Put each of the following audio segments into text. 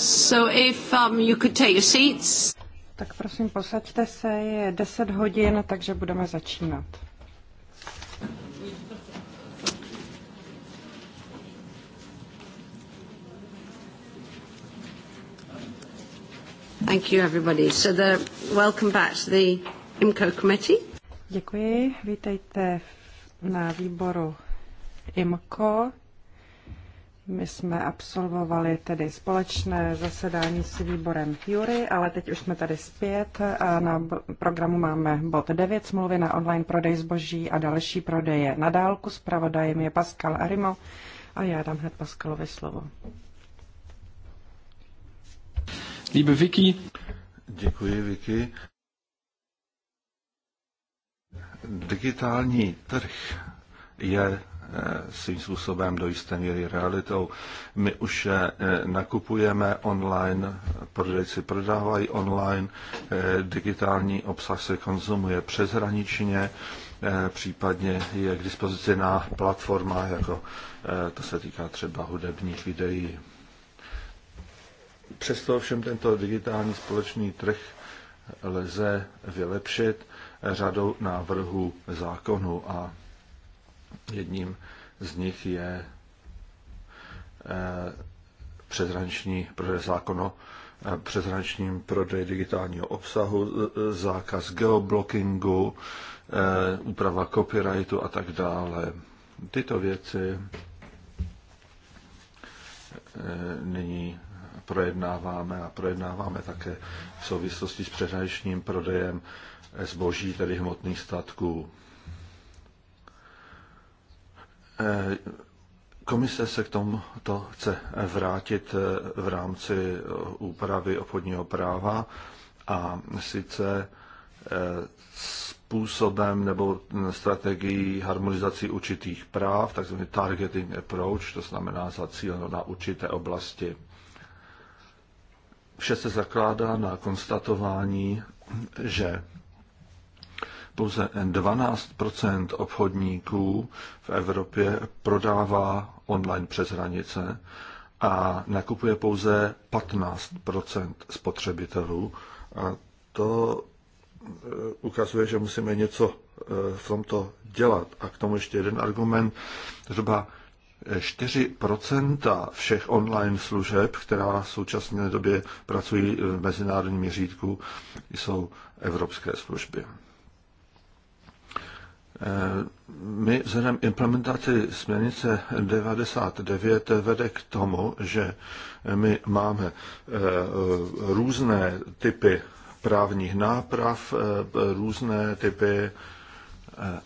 So if um, you could take your seats. Tak prosím, posaďte se, je 10 hodin, takže budeme začínat. Thank you everybody. So the welcome back to the IMCO committee. Děkuji. Vítejte na výboru IMCO. My jsme absolvovali tedy společné zasedání s výborem Jury, ale teď už jsme tady zpět a na programu máme bod 9, smlouvy na online prodej zboží a další prodeje na dálku. Spravodajem je Pascal Arimo a já dám hned Pascalovi slovo. Liebe Vicky. Děkuji, Vicky. Digitální trh je Eh, svým způsobem do jisté míry realitou. My už eh, nakupujeme online, prodejci prodávají online, eh, digitální obsah se konzumuje přeshraničně, případně je k dispozici na platformách, jako to se týká třeba hudebních videí. Přesto ovšem tento digitální společný trh lze vylepšit řadou návrhů zákonu a Jedním z nich je eh, přezranční prodej zákono, eh, přezrančním prodej digitálního obsahu, zákaz geoblockingu, eh, úprava copyrightu a tak dále. Tyto věci nyní projednáváme a projednáváme také v souvislosti s přeshraničním prodejem zboží, tedy hmotných statků. Eh, komise se k tomuto chce vrátit eh, v rámci eh, úpravy obchodního práva a sice způsobem nebo hm, strategií harmonizací určitých práv, takzvaný targeting approach, to znamená zacíleno na určité oblasti. Vše se zakládá na konstatování, že pouze 12 obchodníků v Evropě prodává online přes hranice a nakupuje pouze 15 spotřebitelů. A to eh, ukazuje, že musíme něco eh, v tomto dělat. A k tomu ještě jeden argument. Zhruba 4 eh, všech online služeb, která v současné době pracují v mezinárodním měřítku, jsou evropské služby. My vzhledem implementaci směrnice 99 vede k tomu, že my máme eh, různé typy právních náprav, eh, různé typy eh,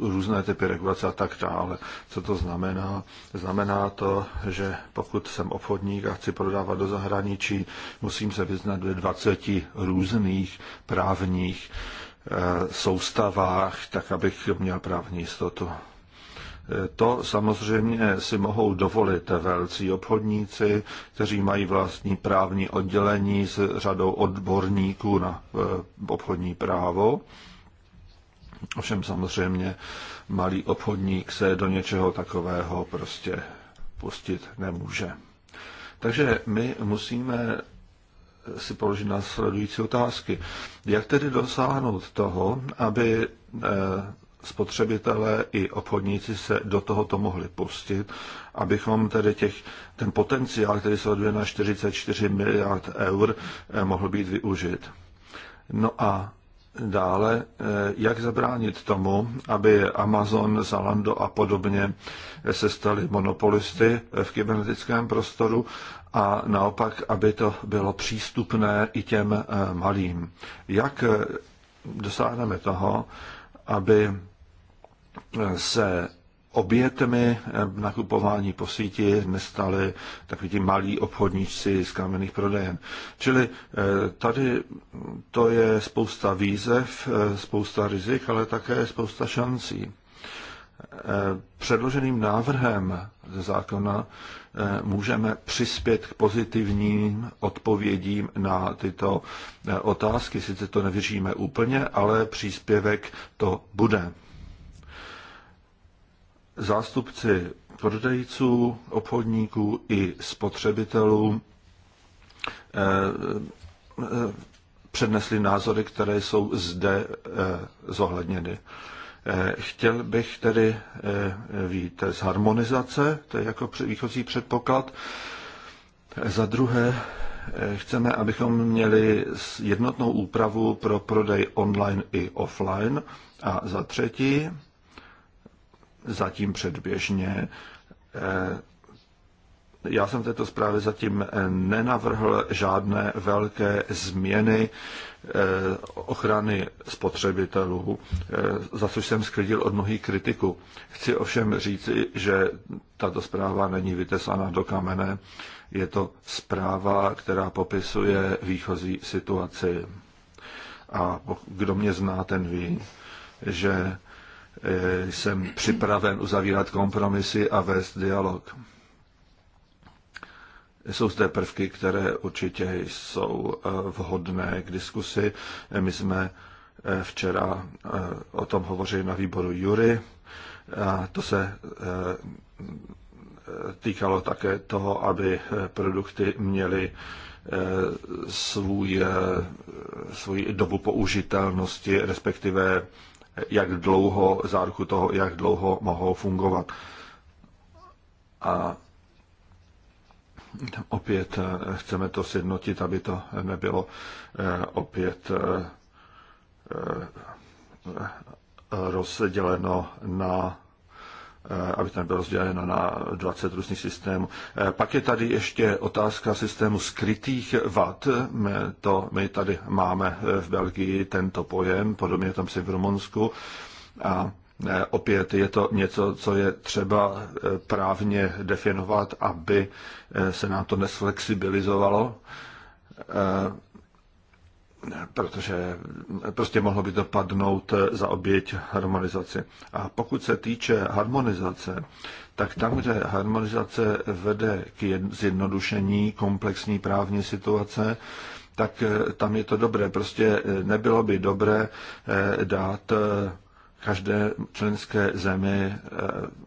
různé typy regulace a tak dále. Co to znamená? Znamená to, že pokud jsem obchodník a chci prodávat do zahraničí, musím se vyznat ve 20 různých právních Eh, soustavách, tak abych měl právní jistotu. Eh, to samozřejmě si mohou dovolit velcí obchodníci, kteří mají vlastní právní oddělení s řadou odborníků na eh, obchodní právo. Ovšem samozřejmě malý obchodník se do něčeho takového prostě pustit nemůže. Takže my musíme si položit následující otázky. Jak tedy dosáhnout toho, aby eh, spotřebitelé i obchodníci se do tohoto mohli pustit, abychom tedy těch, ten potenciál, který se odvěděl na 44 miliard eur, eh, mohl být využit. No a dále, eh, jak zabránit tomu, aby Amazon, Zalando a podobně se staly monopolisty v kybernetickém prostoru a naopak, aby to bylo přístupné i těm eh, malým. Jak eh, dosáhneme toho, aby eh, se obětmi nakupování po síti nestali takoví ti malí obchodníci z kamenných prodejen. Čili tady to je spousta výzev, spousta rizik, ale také spousta šancí. Předloženým návrhem ze zákona Eh, můžeme přispět k pozitivním odpovědím na tyto eh, otázky. Sice to nevyříme úplně, ale příspěvek to bude. Zástupci prodejců, obchodníků i spotřebitelů eh, přednesli názory, které jsou zde zohledněny. Eh, chtěl bych tedy eh, vít z harmonizace, to je jako výchozí předpoklad. Za druhé, eh, chceme, abychom měli jednotnou úpravu pro prodej online i offline. A za třetí, zatím předběžně, já jsem v této zprávě zatím nenavrhl žádné velké změny Eh, ochrany spotřebitelů, eh, za což jsem skrydil od mnohých kritiku. Chci ovšem říci, že tato zpráva není vytesaná do kamene. Je to zpráva, která popisuje výchozí situaci. A kdo mě zná, ten ví, že eh, jsem připraven uzavírat kompromisy a vést dialog. Jsou zde prvky, které určitě jsou eh, vhodné k diskusi. My jsme eh, včera eh, o tom hovořili na výboru Jury. A to se týkalo také toho, aby produkty měly svůj, svůj dobu použitelnosti, respektive jak dlouho, záruku toho, jak dlouho mohou fungovat. A opět eh, chceme to sjednotit, aby to nebylo eh, opět eh, rozděleno na aby tam byl rozděleno na 20 různých systémů. Pak je tady ještě otázka systému skrytých vad. My, to, my tady máme v Belgii tento pojem, podobně tam si v Rumunsku. A Opět je to něco, co je třeba eh, právně definovat, aby eh, se nám to nesflexibilizovalo, eh, protože prostě mohlo by to padnout za oběť harmonizaci. A pokud se týče harmonizace, tak tam, kde harmonizace vede k zjednodušení komplexní právní situace, tak tam je to dobré. Prostě nebylo by dobré dát každé členské zemi eh,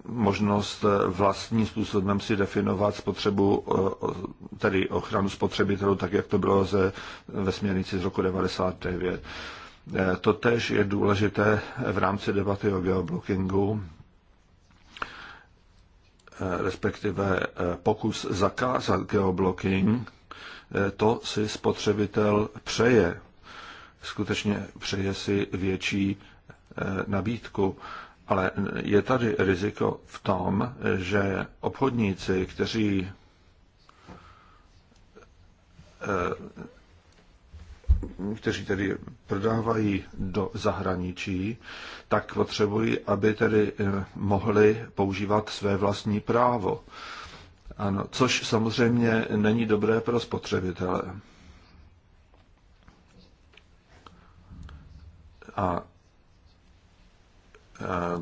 možnost eh, vlastním způsobem si definovat spotřebu, eh, tedy ochranu spotřebitelů, tak jak to bylo ze, ve směrnici z roku 99. Totež je důležité v rámci debaty o geoblockingu, respektive pokus zakázat geoblocking, to si spotřebitel přeje. Skutečně přeje si větší Eh, nabídku, ale je tady riziko v tom, že obchodníci, kteří eh, kteří tedy prodávají do zahraničí, tak potřebují, aby tedy eh, mohli používat své vlastní právo. Ano, což samozřejmě není dobré pro spotřebitele. A Eh,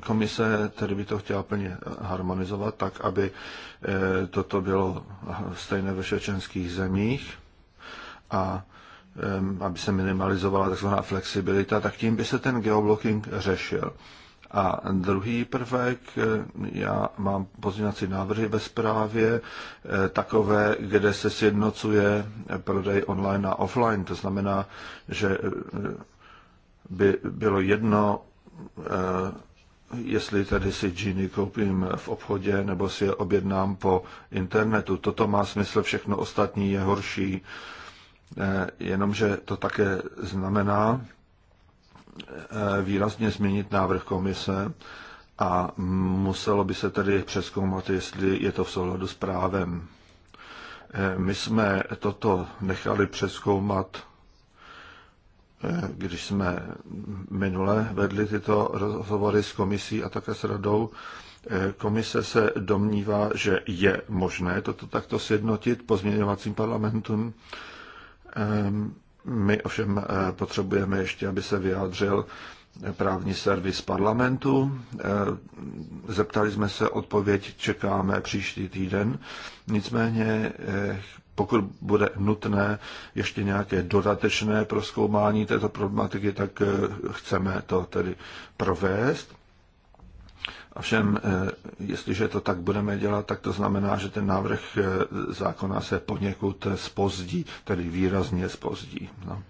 komise tedy by to chtěla plně harmonizovat tak, aby eh, toto bylo stejné ve všech zemích a eh, aby se minimalizovala tzv. flexibilita, tak tím by se ten geoblocking řešil. A druhý prvek, já mám pozměňovací návrhy ve zprávě, takové, kde se sjednocuje prodej online a offline. To znamená, že by bylo jedno, Eh, jestli tady si džíny koupím v obchodě nebo si je objednám po internetu. Toto má smysl, všechno ostatní je horší. Eh, jenomže to také znamená eh, výrazně změnit návrh komise a muselo by se tedy přeskoumat, jestli je to v souladu s právem. My jsme toto nechali přeskoumat Eh, když jsme minule vedli tyto rozhovory s komisí a také s radou, eh, komise se domnívá, že je možné toto takto sjednotit pozměňovacím parlamentem. Eh, my ovšem potřebujeme ještě, aby se vyjádřil právní servis parlamentu. Zeptali jsme se, odpověď čekáme příští týden. Nicméně pokud bude nutné ještě nějaké dodatečné proskoumání této problematiky, tak eh, chceme to tedy provést. všem, eh, jestliže to tak budeme dělat, tak to znamená, že ten návrh eh, zákona se poněkud spozdí, tedy výrazně spozdí. No.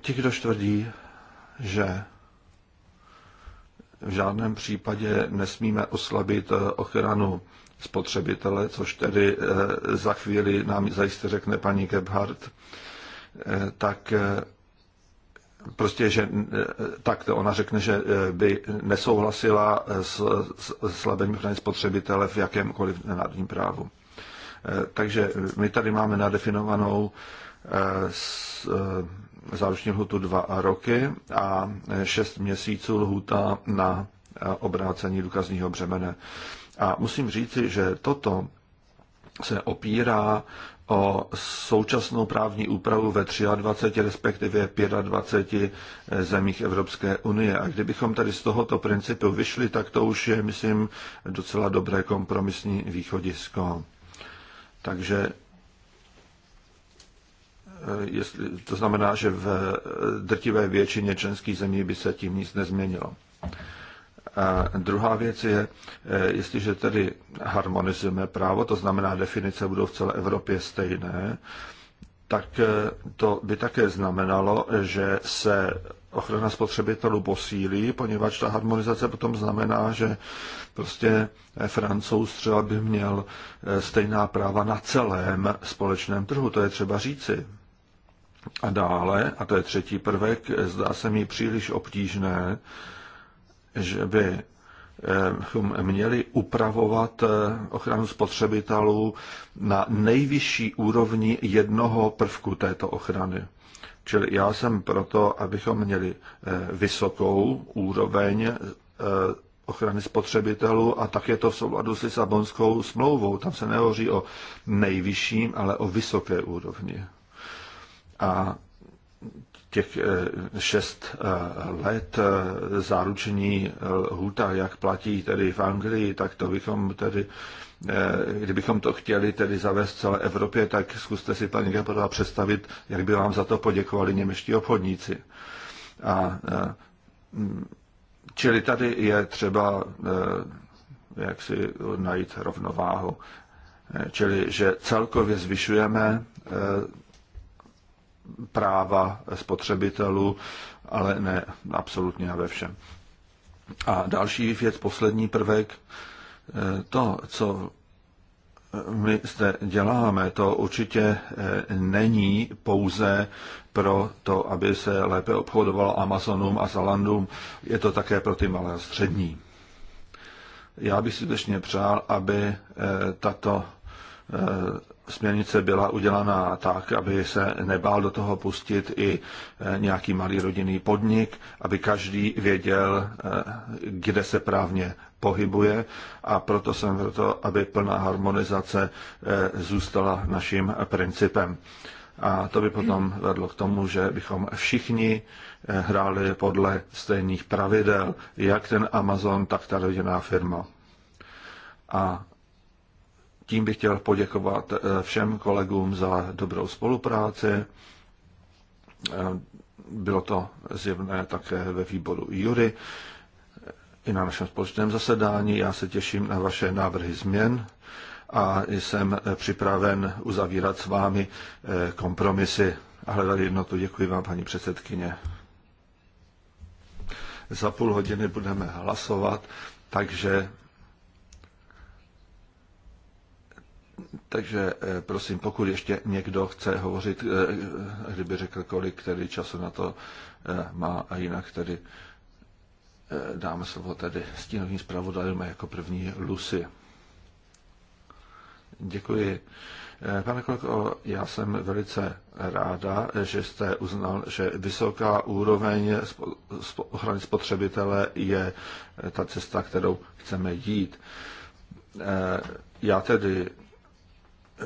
Ti, kdo tvrdí, že v žádném případě nesmíme oslabit ochranu spotřebitele, což tedy eh, za chvíli nám zajistě řekne paní Gebhardt, eh, tak eh, prostě, že tak to ona řekne, že by nesouhlasila s, s slabým ochranem spotřebitele v jakémkoliv národním právu. Takže my tady máme nadefinovanou záruční lhutu dva roky a šest měsíců lhuta na obrácení důkazního břemene. A musím říci, že toto se opírá o současnou právní úpravu ve 23, respektive 25 zemích Evropské unie. A kdybychom tady z tohoto principu vyšli, tak to už je, myslím, docela dobré kompromisní východisko. Takže eh, jestli, to znamená, že v eh, drtivé většině členských zemí by se tím nic nezměnilo. A druhá věc je, eh, jestliže tedy harmonizujeme právo, to znamená, definice budou v celé Evropě stejné, tak eh, to by také znamenalo, že se ochrana spotřebitelů posílí, poněvadž ta harmonizace potom znamená, že prostě eh, francouz třeba by měl stejná práva na celém společném trhu, to je třeba říci. A dále, a to je třetí prvek, zdá se mi příliš obtížné, že by měli upravovat eh, ochranu spotřebitelů na nejvyšší úrovni jednoho prvku této ochrany. Čili já jsem proto, abychom měli eh, vysokou úroveň eh, ochrany spotřebitelů a tak je to v souladu s Lisabonskou smlouvou. Tam se nehoří o nejvyšším, ale o vysoké úrovni. A těch eh, šest eh, let eh, záruční huta, jak platí tedy v Anglii, tak to bychom tedy, kdybychom to chtěli tedy zavést v celé Evropě, tak zkuste si, paní Gabriela, představit, jak by vám za to poděkovali němeští obchodníci. A, čili tady je třeba jak si najít rovnováhu. Čili, že celkově zvyšujeme práva spotřebitelů, ale ne absolutně ve všem. A další věc, poslední prvek, eh, to, co my zde děláme, to určitě eh, není pouze pro to, aby se lépe obchodovalo Amazonům a Zalandům, je to také pro ty malé a střední. Já bych skutečně přál, aby eh, tato směrnice byla udělaná tak, aby se nebál do toho pustit i eh, nějaký malý rodinný podnik, aby každý věděl, eh, kde se právně pohybuje a proto jsem to, aby plná harmonizace eh, zůstala naším principem. A to by potom vedlo k tomu, že bychom všichni hráli podle stejných pravidel, jak ten Amazon, tak ta rodinná firma. A tím bych chtěl poděkovat eh, všem kolegům za dobrou spolupráci. Eh, bylo to zjevné také ve výboru Jury eh, i na našem společném zasedání. Já se těším na vaše návrhy změn a jsem připraven uzavírat s vámi kompromisy a hledat jednotu. Děkuji vám, paní předsedkyně. Za půl hodiny budeme hlasovat, takže Takže eh, prosím, pokud ještě někdo chce hovořit, eh, eh, kdyby řekl, kolik tedy času na to má a jinak tedy dáme slovo tedy stínovým zpravodajům jako první Lucy. Děkuji. Pane kolego, já jsem velice ráda, že jste uznal, že vysoká úroveň ochrany spotřebitele je ta cesta, kterou chceme jít. Já tedy Eh,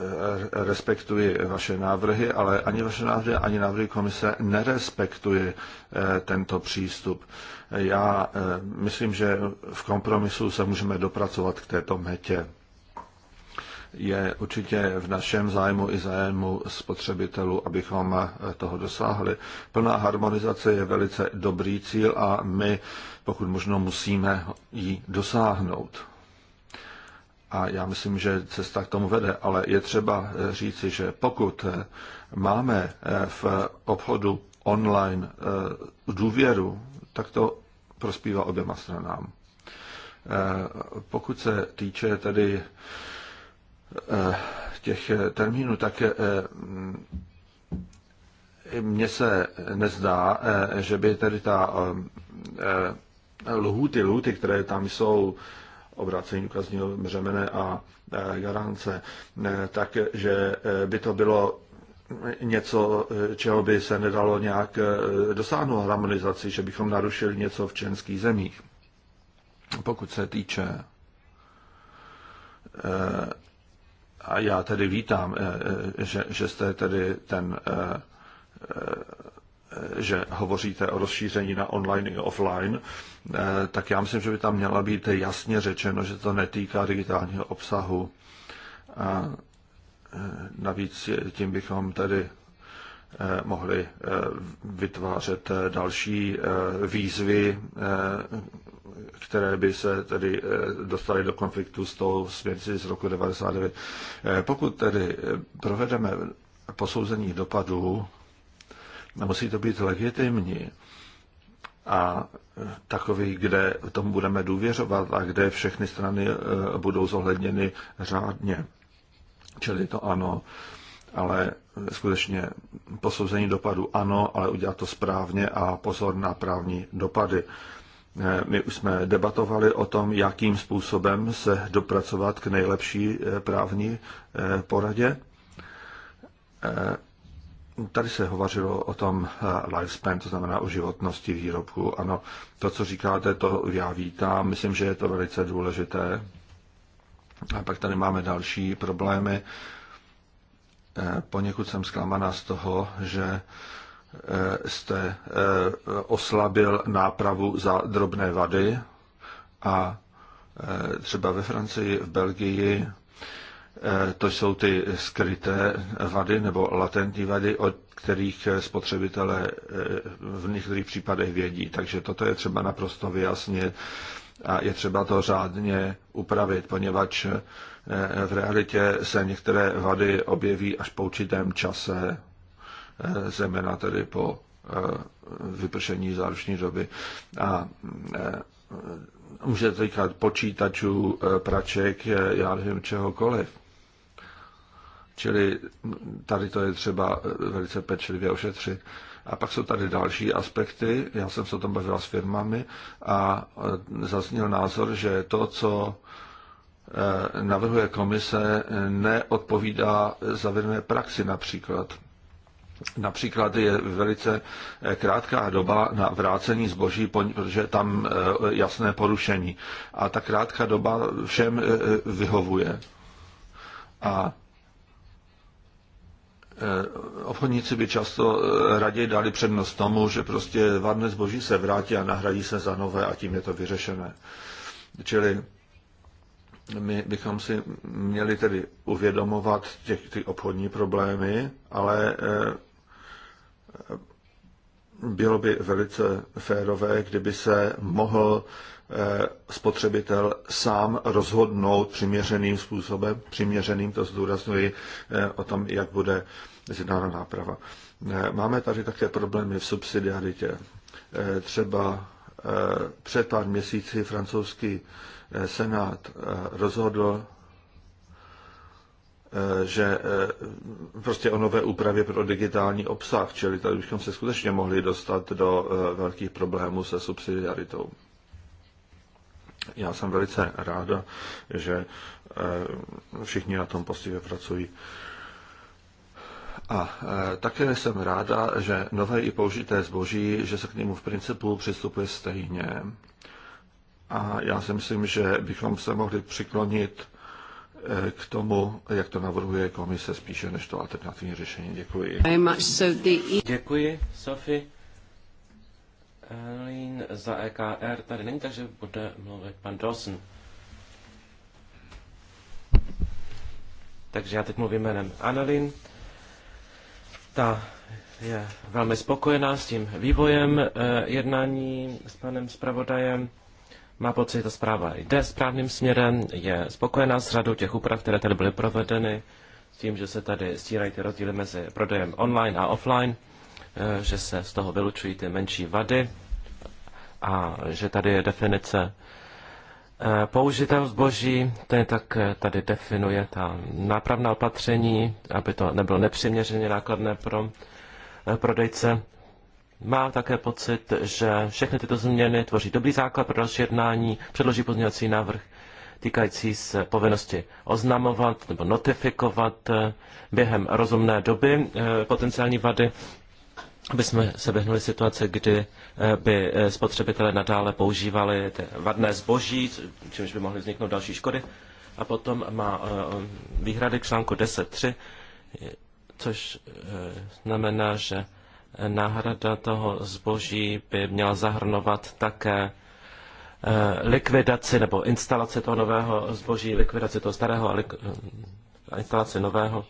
respektuji vaše návrhy, ale ani vaše návrhy, ani návrhy komise nerespektuji eh, tento přístup. Já eh, myslím, že v kompromisu se můžeme dopracovat k této metě. Je určitě v našem zájmu i zájmu spotřebitelů, abychom toho dosáhli. Plná harmonizace je velice dobrý cíl a my pokud možno musíme ji dosáhnout. A já myslím, že cesta k tomu vede, ale je třeba eh, říci, že pokud eh, máme eh, v obchodu online důvěru, tak to prospívá oběma stranám. Pokud se týče tedy těch termínů, tak mně se nezdá, že by tedy ta lhuty, lhuty, které tam jsou, obrácení důkazního břemene a e, garance, e, takže e, by to bylo něco, čeho by se nedalo nějak dosáhnout harmonizaci, že bychom narušili něco v členských zemích. Pokud se týče a já tedy vítám, že, že jste tedy ten že hovoříte o rozšíření na online i offline, eh, tak já myslím, že by tam měla být jasně řečeno, že to netýká digitálního obsahu. A eh, navíc tím bychom tedy eh, mohli vytvářet další výzvy, které by se tedy dostaly do konfliktu s tou směrnicí z roku 99. Pokud tedy provedeme posouzení dopadů musí to být legitimní a takový, kde tomu budeme důvěřovat a kde všechny strany eh, budou zohledněny řádně. Čili to ano, ale skutečně posouzení dopadu ano, ale udělat to správně a pozor na právní dopady. Eh, my už jsme debatovali o tom, jakým způsobem se dopracovat k nejlepší eh, právní poradě Tady se hovořilo o tom eh, lifespan, to znamená o životnosti výrobku. Ano, to, co říkáte, to já vítám. Myslím, že je to velice důležité. A pak tady máme další problémy. Eh, poněkud jsem zklamaná z toho, že eh, jste oslabil nápravu za drobné vady a třeba ve Francii, v Belgii Eh, to jsou ty skryté vady nebo latentní vady, od kterých spotřebitelé eh, v některých případech vědí. Takže toto je třeba naprosto vyjasnit a je třeba to řádně upravit, poněvadž eh, v realitě se některé vady objeví až po určitém čase, zejména tedy po vypršení záruční doby. A může to týkat počítačů, praček, já nevím, čehokoliv. Čili tady to je třeba eh, velice pečlivě ošetřit. A pak jsou tady další aspekty. Já jsem se o tom bavila s firmami a eh, zazněl názor, že to, co eh, navrhuje komise, neodpovídá zavedené praxi například. Například je velice krátká doba na vrácení zboží, protože tam jasné porušení. A ta krátká doba všem vyhovuje. A Eh, obchodníci by často eh, raději dali přednost tomu, že prostě varné zboží se vrátí a nahradí se za nové a tím je to vyřešené. Čili my bychom si měli tedy uvědomovat těch, ty obchodní problémy, ale eh, bylo by velice férové, kdyby se mohl Eh, spotřebitel sám rozhodnout přiměřeným způsobem, přiměřeným, to zdůraznuji, eh, o tom, jak bude zjednána náprava. Eh, máme tady také problémy v subsidiaritě. Třeba před pár měsíci francouzský senát rozhodl, že prostě o nové úpravě pro digitální obsah, čili tady bychom se skutečně mohli dostat do velkých problémů se subsidiaritou. Já jsem velice ráda, že eh, všichni na tom postivě pracují. A eh, také jsem ráda, že nové i použité zboží, že se k němu v principu přistupuje stejně. A já si myslím, že bychom se mohli přiklonit eh, k tomu, jak to navrhuje komise, spíše než to alternativní řešení. Děkuji. E- Děkuji, Sofi. Elin za EKR tady není, takže bude mluvit pan Dawson. Takže já teď mluvím jménem Annelin. Ta je velmi spokojená s tím vývojem eh, jednání s panem zpravodajem. Má pocit, že ta zpráva jde správným směrem, je spokojená s řadou těch úprav, které tady byly provedeny, s tím, že se tady stírají ty rozdíly mezi prodejem online a offline. Eh, že se z toho vylučují ty menší vady a že tady je definice eh, použitého zboží, to je tak eh, tady definuje ta nápravná opatření, aby to nebylo nepřiměřeně nákladné pro prodejce. má také pocit, že všechny tyto změny tvoří dobrý základ pro další jednání, předloží pozměňovací návrh týkající se povinnosti oznamovat nebo notifikovat během rozumné doby potenciální vady aby jsme se vyhnuli situace, kdy eh, by eh, spotřebitelé nadále používali vadné zboží, čímž by mohly vzniknout další škody. A potom má eh, výhrady k článku 10.3, což znamená, že náhrada toho zboží by měla zahrnovat také likvidaci nebo instalaci toho nového zboží, likvidaci toho starého a, a instalaci nového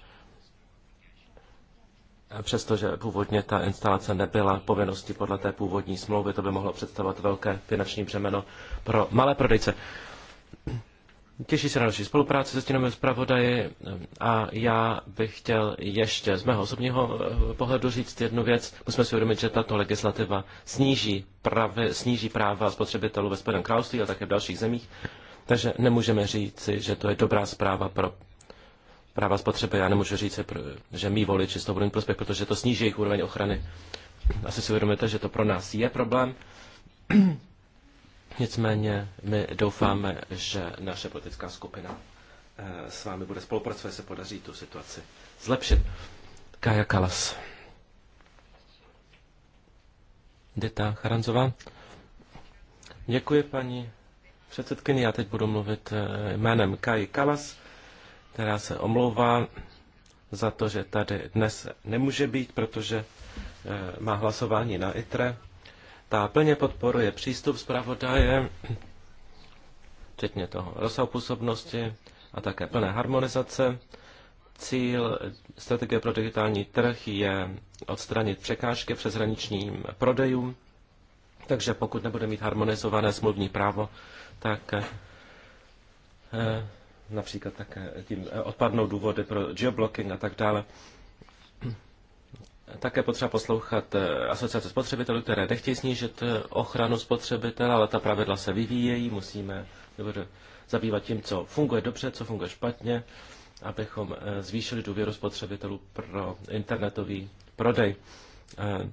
Přestože původně ta instalace nebyla povinností podle té původní smlouvy, to by mohlo představovat velké finanční břemeno pro malé prodejce. Těší se na další spolupráci se stínovými zpravodaji a já bych chtěl ještě z mého osobního eh, pohledu říct jednu věc. Musíme si uvědomit, že tato legislativa sníží, právě, sníží práva spotřebitelů ve Spojeném království a také v dalších zemích. Takže nemůžeme říci, že to je dobrá zpráva pro práva spotřeby. Já nemůžu říct, že mý voliči z toho budou mít prospěch, protože to sníží jejich úroveň ochrany. Asi si uvědomíte, že to pro nás je problém. Nicméně my doufáme, že naše politická skupina eh, s vámi bude spolupracovat, se podaří tu situaci zlepšit. Kaja Kalas. Dita Charanzová. Děkuji, paní předsedkyni. Já teď budu mluvit eh, jménem Kaji Kalas, která se omlouvá za to, že tady dnes nemůže být, protože eh, má hlasování na ITRE. Ta plně podporuje přístup zpravodaje, včetně toho rozsahu působnosti a také plné harmonizace. Cíl strategie pro digitální trh je odstranit překážky přes hraničním prodejům, takže pokud nebude mít harmonizované smluvní právo, tak eh, například také tím eh, odpadnou důvody pro geoblocking a tak dále. Také potřeba poslouchat eh, asociace spotřebitelů, které nechtějí snížit eh, ochranu spotřebitele, ale ta pravidla se vyvíjejí, musíme zabývat tím, co funguje dobře, co funguje špatně, abychom zvýšili důvěru spotřebitelů pro internetový prodej.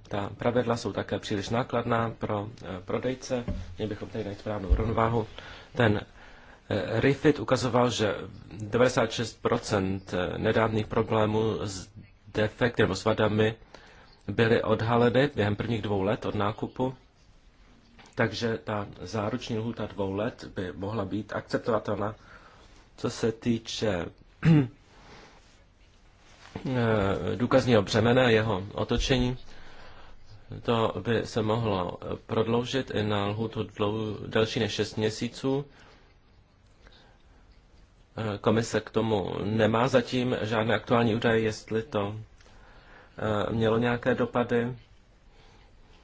Ta pravidla jsou také příliš nákladná pro prodejce, měli bychom tady najít správnou rovnováhu. Ten Refit ukazoval, že 96% nedávných problémů s defekty nebo s vadami byly odhaleny během prvních dvou let od nákupu, takže ta záruční lhůta dvou let by mohla být akceptovatelná. Co se týče důkazního břemene, jeho otočení, to by se mohlo prodloužit i na lhůtu delší než 6 měsíců. Komise k tomu nemá zatím žádné aktuální údaje, jestli to eh, mělo nějaké dopady.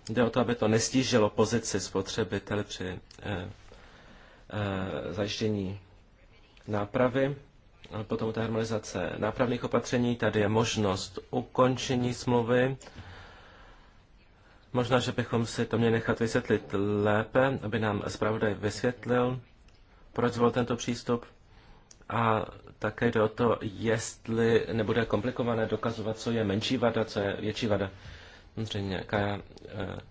Jde o to, aby to nestížilo pozici spotřebitele při eh, eh, zajištění nápravy. potom ta harmonizace nápravných opatření, tady je možnost ukončení smlouvy. Možná, že bychom si to měli nechat vysvětlit lépe, aby nám zpravodaj vysvětlil, proč zvolil tento přístup. A také jde o to, jestli nebude komplikované dokazovat, co je menší vada, co je větší vada. Samozřejmě eh,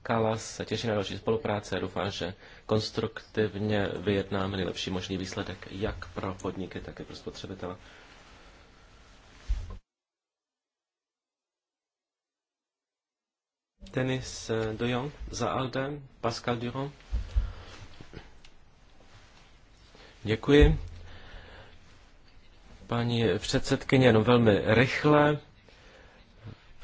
Kalas se těší na další spolupráce a doufám, že konstruktivně vyjednáme nejlepší možný výsledek jak pro podniky, tak i pro spotřebitele. Denis eh, de Jong za Alden, Pascal Durand. Děkuji paní předsedkyně, jenom velmi rychle,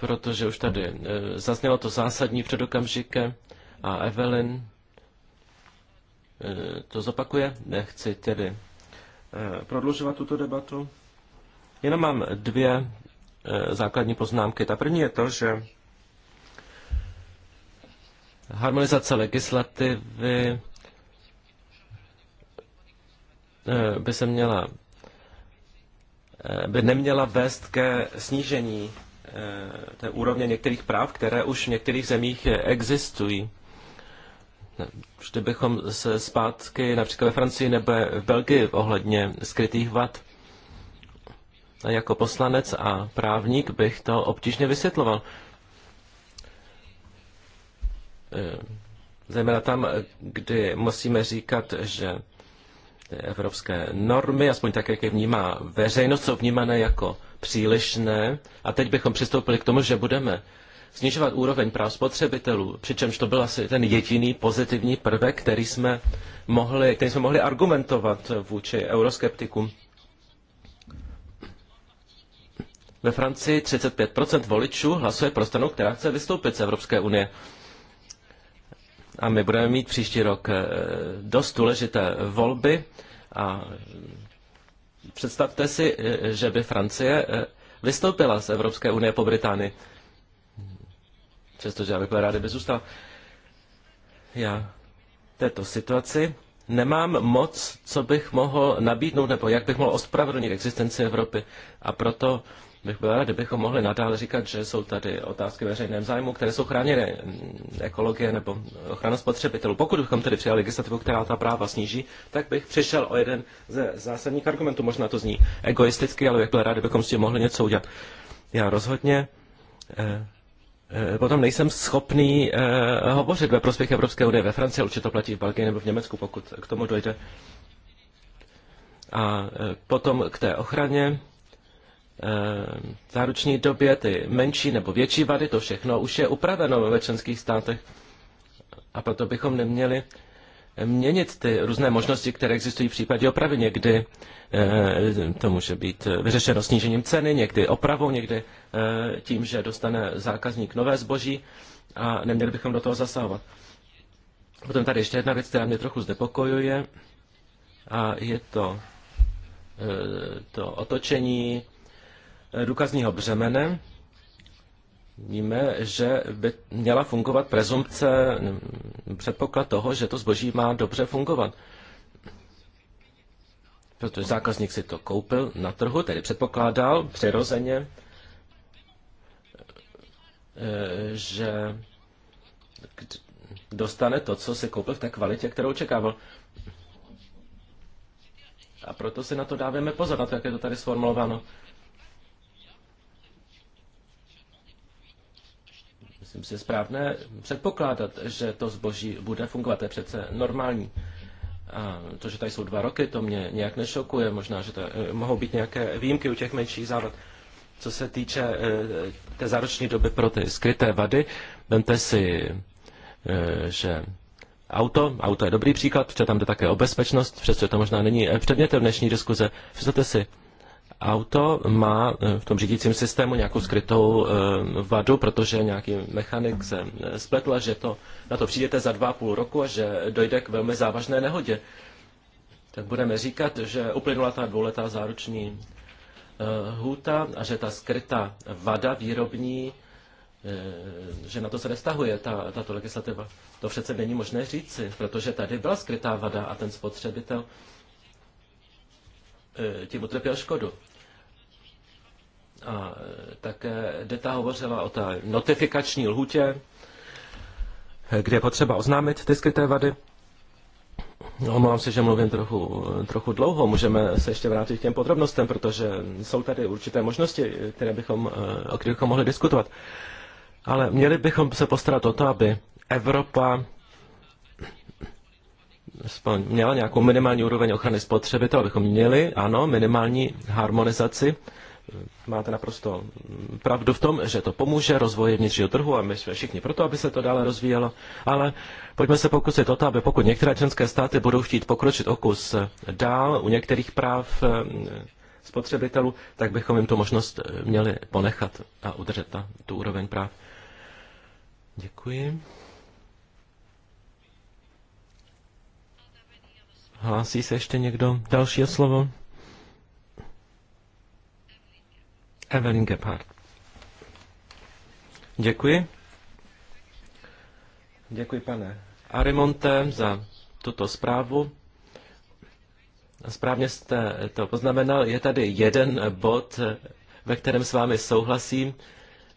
protože už tady eh, zaznělo to zásadní před okamžikem a Evelyn eh, to zopakuje. Nechci tedy eh, prodlužovat tuto debatu. Jenom mám dvě základní poznámky. Ta první je to, že harmonizace legislativy by se měla Eh, by neměla vést ke snížení eh, té úrovně některých práv, které už v některých zemích existují. Vždy bychom se zpátky například ve Francii nebo v Belgii ohledně skrytých vad. A jako poslanec a právník bych to obtížně vysvětloval. Eh, zejména tam, kdy musíme říkat, že evropské normy, aspoň tak, jak je vnímá veřejnost, jsou vnímané jako přílišné. A teď bychom přistoupili k tomu, že budeme snižovat úroveň práv spotřebitelů, přičemž to byl asi ten jediný pozitivní prvek, který jsme mohli, který jsme mohli argumentovat vůči euroskeptikům. Ve Francii 35% voličů hlasuje pro stranu, která chce vystoupit z Evropské unie. A my budeme mít příští rok eh, dost důležité volby a eh, představte si, eh, že by Francie vystoupila z Evropské unie po Británii. Přestože já bych byl rád, kdyby zůstal. Já této situaci nemám moc, co bych mohl nabídnout, nebo jak bych mohl ospravedlnit existenci Evropy. A proto bych byl rád, kdybychom mohli nadále říkat, že jsou tady otázky veřejném zájmu, které jsou chráněné mm, ekologie nebo ochrana spotřebitelů. Pokud bychom tedy přijali legislativu, která ta práva sníží, tak bych přišel o jeden ze zásadních argumentů. Možná to zní egoisticky, ale bych byl rád, kdybychom s tím mohli něco udělat. Já rozhodně eh, eh, potom nejsem schopný eh, hovořit ve prospěch Evropské unie ve Francii, určitě to platí v Belgii nebo v Německu, pokud k tomu dojde. A eh, potom k té ochraně Eh, záruční době, ty menší nebo větší vady, to všechno už je upraveno ve členských státech. A proto bychom neměli měnit ty různé možnosti, které existují v případě opravy. Někdy eh, to může být vyřešeno snížením ceny, někdy opravou, někdy eh, tím, že dostane zákazník nové zboží a neměli bychom do toho zasahovat. Potom tady ještě jedna věc, která mě trochu znepokojuje a je to to otočení Eh, důkazního břemene. Víme, že by měla fungovat prezumpce, předpoklad toho, že to zboží má dobře fungovat. Protože zákazník si to koupil na trhu, tedy předpokládal přirozeně, eh, že dostane to, co si koupil v té kvalitě, kterou očekával. A proto si na to dáváme pozor, na to, jak je to tady sformulováno. myslím si, správné předpokládat, že to zboží bude fungovat. To je přece normální. A to, že tady jsou dva roky, to mě nějak nešokuje. Možná, že to eh, mohou být nějaké výjimky u těch menších závod. Co se týče eh, té zároční doby pro ty skryté vady, vemte si, eh, že auto, auto je dobrý příklad, protože tam jde také o bezpečnost, přesto to možná není předmětem dnešní diskuze. Představte si, Auto má eh, v tom řídícím systému nějakou skrytou eh, vadu, protože nějaký mechanik se eh, spletl že to, na to přijdete za dva půl roku a že dojde k velmi závažné nehodě. Tak budeme říkat, že uplynula ta dvouletá záruční hůta a že ta skrytá vada výrobní, že na to se nestahuje ta, tato legislativa. To přece není možné říci, protože tady byla skrytá vada a ten spotřebitel tím utrpěl škodu. A také Deta hovořila o té notifikační lhutě, kde je potřeba oznámit ty skryté vady. No, omlouvám se, že mluvím trochu, trochu dlouho. Můžeme se ještě vrátit k těm podrobnostem, protože jsou tady určité možnosti, které bychom, eh, o kterých bychom mohli diskutovat. Ale měli bychom se postarat o to, aby Evropa měla nějakou minimální úroveň ochrany spotřeby, to abychom měli, ano, minimální harmonizaci máte naprosto pravdu v tom, že to pomůže rozvoji vnitřního trhu a my jsme všichni proto, aby se to dále rozvíjelo, ale pojďme se pokusit o to, aby pokud některé členské státy budou chtít pokročit o kus dál u některých práv eh, spotřebitelů, tak bychom jim tu možnost eh, měli ponechat a udržet ta, tu úroveň práv. Děkuji. Hlásí se ještě někdo další slovo? Evelyn Gephardt. Děkuji. Děkuji, pane Arimonte, za tuto zprávu. Správně jste to poznamenal. Je tady jeden bod, ve kterém s vámi souhlasím.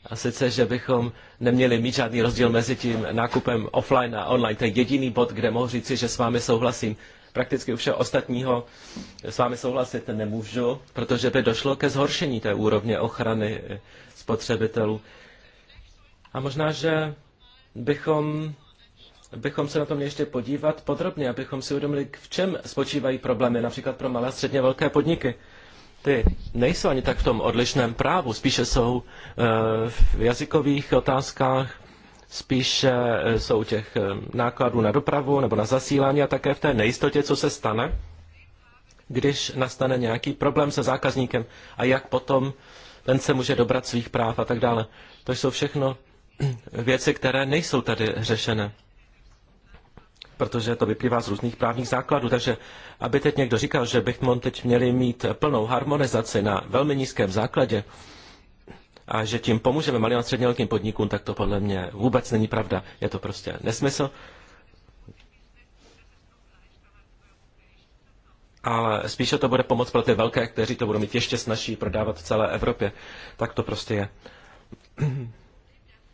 A sice, že bychom neměli mít žádný rozdíl mezi tím nákupem offline a online. To je jediný bod, kde mohu říci, že s vámi souhlasím prakticky u všeho ostatního s vámi souhlasit nemůžu, protože by došlo ke zhoršení té úrovně ochrany eh, spotřebitelů. A možná, že bychom, bychom se na to měli ještě podívat podrobně, abychom si uvědomili, v čem spočívají problémy, například pro malé a středně velké podniky. Ty nejsou ani tak v tom odlišném právu, spíše jsou eh, v jazykových otázkách, spíše eh, jsou těch eh, nákladů na dopravu nebo na zasílání a také v té nejistotě, co se stane, když nastane nějaký problém se zákazníkem a jak potom ten se může dobrat svých práv a tak dále. To jsou všechno věci, které nejsou tady řešené protože to vyplývá z různých právních základů. Takže aby teď někdo říkal, že bychom teď měli mít plnou harmonizaci na velmi nízkém základě, a že tím pomůžeme malým a středně velkým podnikům, tak to podle mě vůbec není pravda. Je to prostě nesmysl. Ale spíše to bude pomoc pro ty velké, kteří to budou mít ještě snažší prodávat v celé Evropě. Tak to prostě je.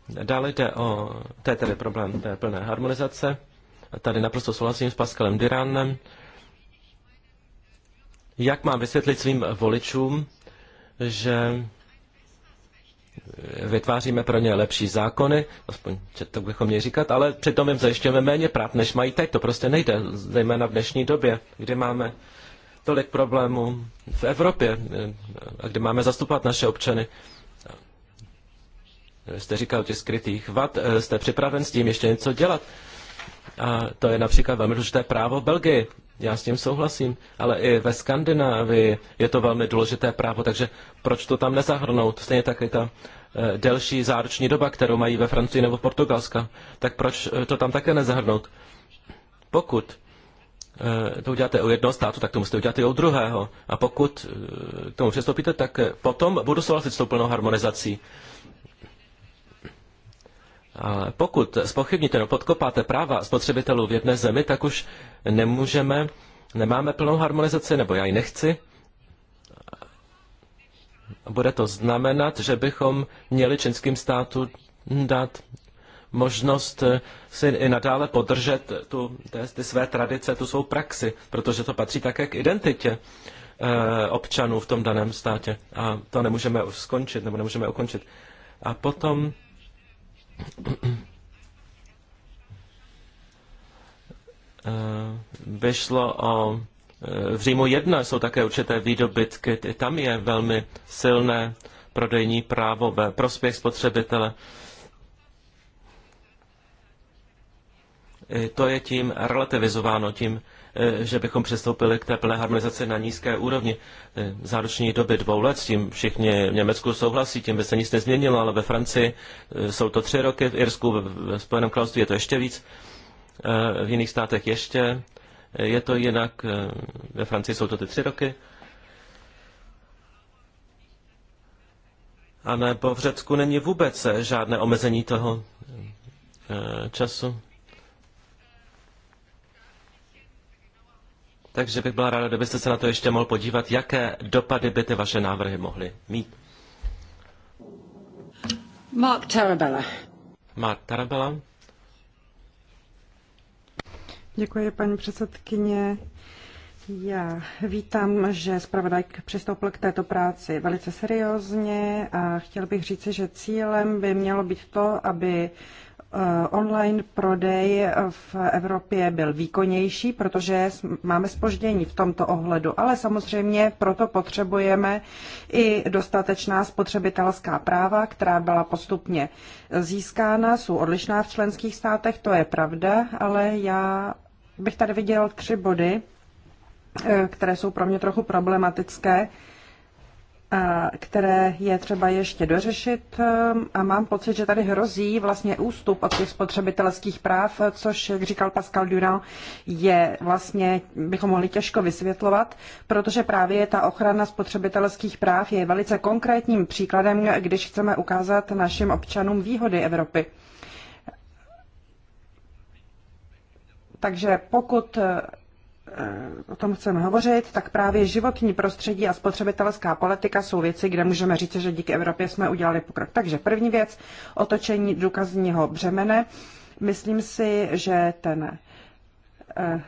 Dále jde o, to je tedy problém té plné harmonizace. Tady naprosto souhlasím s Pascalem Diranem. Jak mám vysvětlit svým voličům, že vytváříme pro ně lepší zákony, aspoň to bychom měli říkat, ale přitom jim zajišťujeme méně práv, než mají teď. To prostě nejde, zejména v dnešní době, kdy máme tolik problémů v Evropě eh, a kdy máme zastupovat naše občany. Eh, jste říkal těch skrytých vad, eh, jste připraven s tím ještě něco dělat. A to je například velmi důležité právo Belgii. Já s tím souhlasím, ale i ve Skandinávii je to velmi důležité právo, takže proč to tam nezahrnout? Stejně tak i ta eh, delší záruční doba, kterou mají ve Francii nebo v Portugalska, tak proč eh, to tam také nezahrnout? Pokud eh, to uděláte u jednoho státu, tak to musíte udělat i u druhého. A pokud k tomu přistoupíte, tak potom budu souhlasit s tou plnou harmonizací pokud spochybníte nebo podkopáte práva spotřebitelů v jedné zemi, tak už nemůžeme, nemáme plnou harmonizaci, nebo já ji nechci. Bude to znamenat, že bychom měli čínským státu dát možnost si i nadále podržet tu, ty své tradice, tu svou praxi, protože to patří také k identitě eh, občanů v tom daném státě. A to nemůžeme už skončit, nebo nemůžeme ukončit. A potom Eh, vyšlo o eh, v Římu 1 jsou také určité výdobytky, tam je velmi silné prodejní právo ve prospěch spotřebitele. To je tím relativizováno, tím Eh, že bychom přistoupili k té plné harmonizaci na nízké úrovni. Eh, záruční doby dvou let, s tím všichni v Německu souhlasí, tím by se nic nezměnilo, ale ve Francii eh, jsou to tři roky, v Irsku, ve Spojeném království je to ještě víc, v jiných státech ještě je to jinak, ve Francii jsou to ty tři roky. A nebo v Řecku není vůbec žádné omezení toho času. takže bych byla ráda, kdybyste se na to ještě mohl podívat, jaké dopady by ty vaše návrhy mohly mít. Mark Tarabella. Mark Tarabella. Děkuji, paní předsedkyně. Já vítám, že zpravodajk přistoupil k této práci velice seriózně a chtěl bych říci, že cílem by mělo být to, aby Eh, online prodej v Evropě byl výkonnější, protože máme spoždění v tomto ohledu, ale samozřejmě proto potřebujeme i dostatečná spotřebitelská práva, která byla postupně získána, jsou odlišná v členských státech, to je pravda, ale já bych tady viděl tři body, eh, které jsou pro mě trochu problematické které je třeba ještě dořešit um, a mám pocit, že tady hrozí vlastně ústup od těch spotřebitelských práv, což, jak říkal Pascal Durand, je vlastně, bychom mohli těžko vysvětlovat, protože právě ta ochrana spotřebitelských práv je velice konkrétním příkladem, když chceme ukázat našim občanům výhody Evropy. Takže pokud Eh, o tom chceme hovořit, tak právě životní prostředí a spotřebitelská politika jsou věci, kde můžeme říct, že díky Evropě jsme udělali pokrok. Takže první věc, otočení důkazního břemene. Myslím si, že ten eh,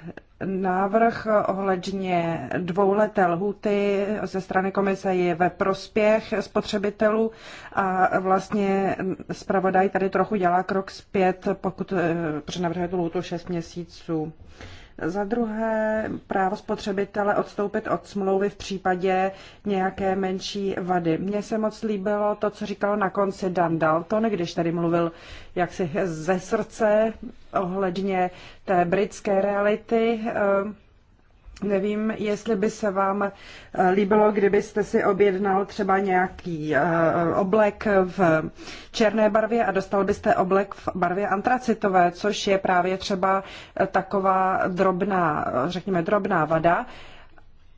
návrh ohledně dvouleté lhuty ze strany komise je ve prospěch spotřebitelů a vlastně zpravodaj tady trochu dělá krok zpět, pokud eh, přenavrhuje tu lhutu 6 měsíců. Za druhé, právo spotřebitele odstoupit od smlouvy v případě nějaké menší vady. Mně se moc líbilo to, co říkal na konci Dan Dalton, když tady mluvil jaksi ze srdce ohledně té britské reality. Nevím, jestli by se vám eh, líbilo, kdybyste si objednal třeba nějaký eh, oblek v černé barvě a dostal byste oblek v barvě antracitové, což je právě třeba eh, taková drobná, řekněme, drobná vada,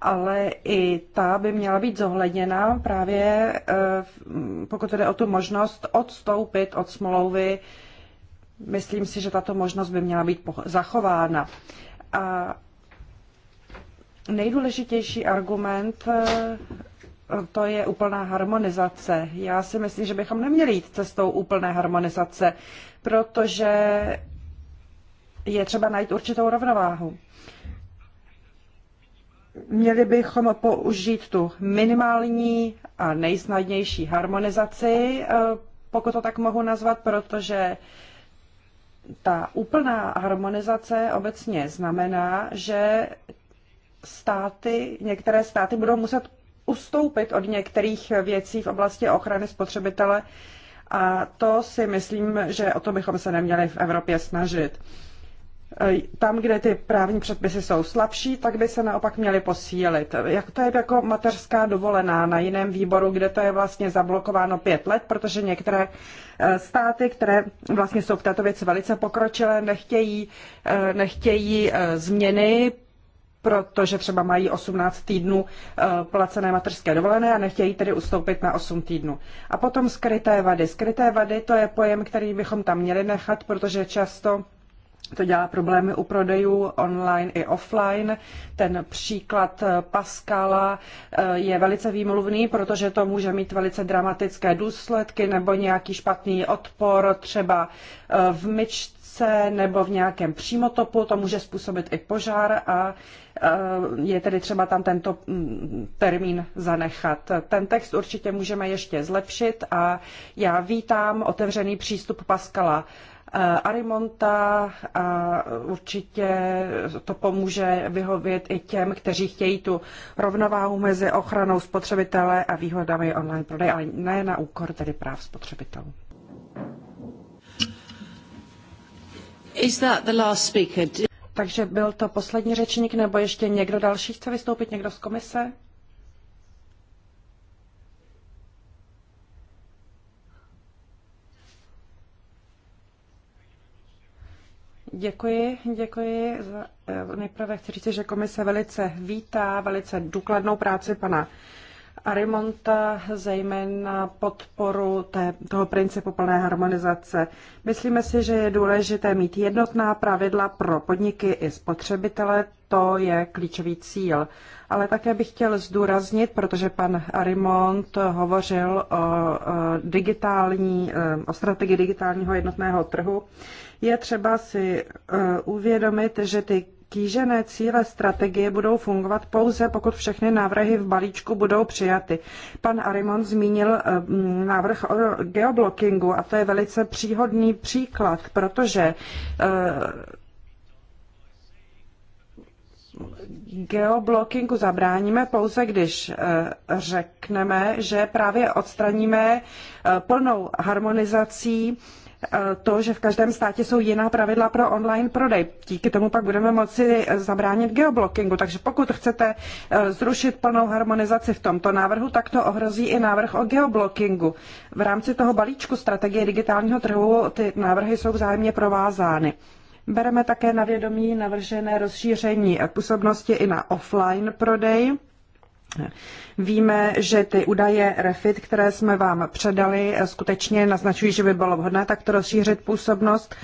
ale i ta by měla být zohledněna právě, mm, pokud jde o tu možnost odstoupit od smlouvy. Myslím si, že tato možnost by měla být zachována. A nejdůležitější argument eh, to je úplná harmonizace. Já si myslím, že bychom neměli jít cestou úplné harmonizace, protože je třeba najít určitou rovnováhu. Měli bychom použít tu minimální a nejsnadnější harmonizaci, eh, pokud to tak mohu nazvat, protože ta úplná harmonizace obecně znamená, že státy, některé státy budou muset ustoupit od některých věcí v oblasti ochrany spotřebitele a to si myslím, že o to bychom se neměli v Evropě snažit. E, tam, kde ty právní předpisy jsou slabší, tak by se naopak měly posílit. Jak to je jako mateřská dovolená na jiném výboru, kde to je vlastně zablokováno pět let, protože některé e, státy, které vlastně jsou v této věci velice pokročilé, nechtějí, e, nechtějí změny protože třeba mají 18 týdnů eh, placené materské dovolené a nechtějí tedy ustoupit na 8 týdnů. A potom skryté vady. Skryté vady to je pojem, který bychom tam měli nechat, protože často to dělá problémy u prodejů online i offline. Ten příklad eh, Pascala eh, je velice výmluvný, protože to může mít velice dramatické důsledky nebo nějaký špatný odpor třeba v myčce řece nebo v nějakém přímotopu, to může způsobit i požár a e, je tedy třeba tam tento mm, termín zanechat. Ten text určitě můžeme ještě zlepšit a já vítám otevřený přístup Paskala e, Arimonta a určitě to pomůže vyhovět i těm, kteří chtějí tu rovnováhu mezi ochranou spotřebitele a výhodami online prodeje, ale ne na úkor tedy práv spotřebitelů. Is that the last speaker? Takže byl to poslední řečník, nebo ještě někdo další chce vystoupit, někdo z komise? Děkuji, děkuji. Eh, nejprve chci říct, že komise velice vítá velice důkladnou práci pana Arimonta, zejména podporu té, toho principu plné harmonizace. Myslíme si, že je důležité mít jednotná pravidla pro podniky i spotřebitele, to je klíčový cíl. Ale také bych chtěl zdůraznit, protože pan Arimont hovořil o, digitální, o strategii digitálního jednotného trhu, je třeba si e, uvědomit, že ty kýžené cíle strategie budou fungovat pouze, pokud všechny návrhy v balíčku budou přijaty. Pan Arimon zmínil eh, návrh o geoblockingu a to je velice příhodný příklad, protože eh, geoblockingu zabráníme pouze, když eh, řekneme, že právě odstraníme plnou harmonizací Eh, to, že v každém státě jsou jiná pravidla pro online prodej. Díky tomu pak budeme moci eh, zabránit geoblockingu. Takže pokud chcete eh, zrušit plnou harmonizaci v tomto návrhu, tak to ohrozí i návrh o geoblockingu. V rámci toho balíčku strategie digitálního trhu ty návrhy jsou vzájemně provázány. Bereme také na vědomí navržené rozšíření působnosti i na offline prodej Víme, že ty údaje REFIT, které jsme vám předali, skutečně naznačují, že by bylo vhodné takto rozšířit působnost.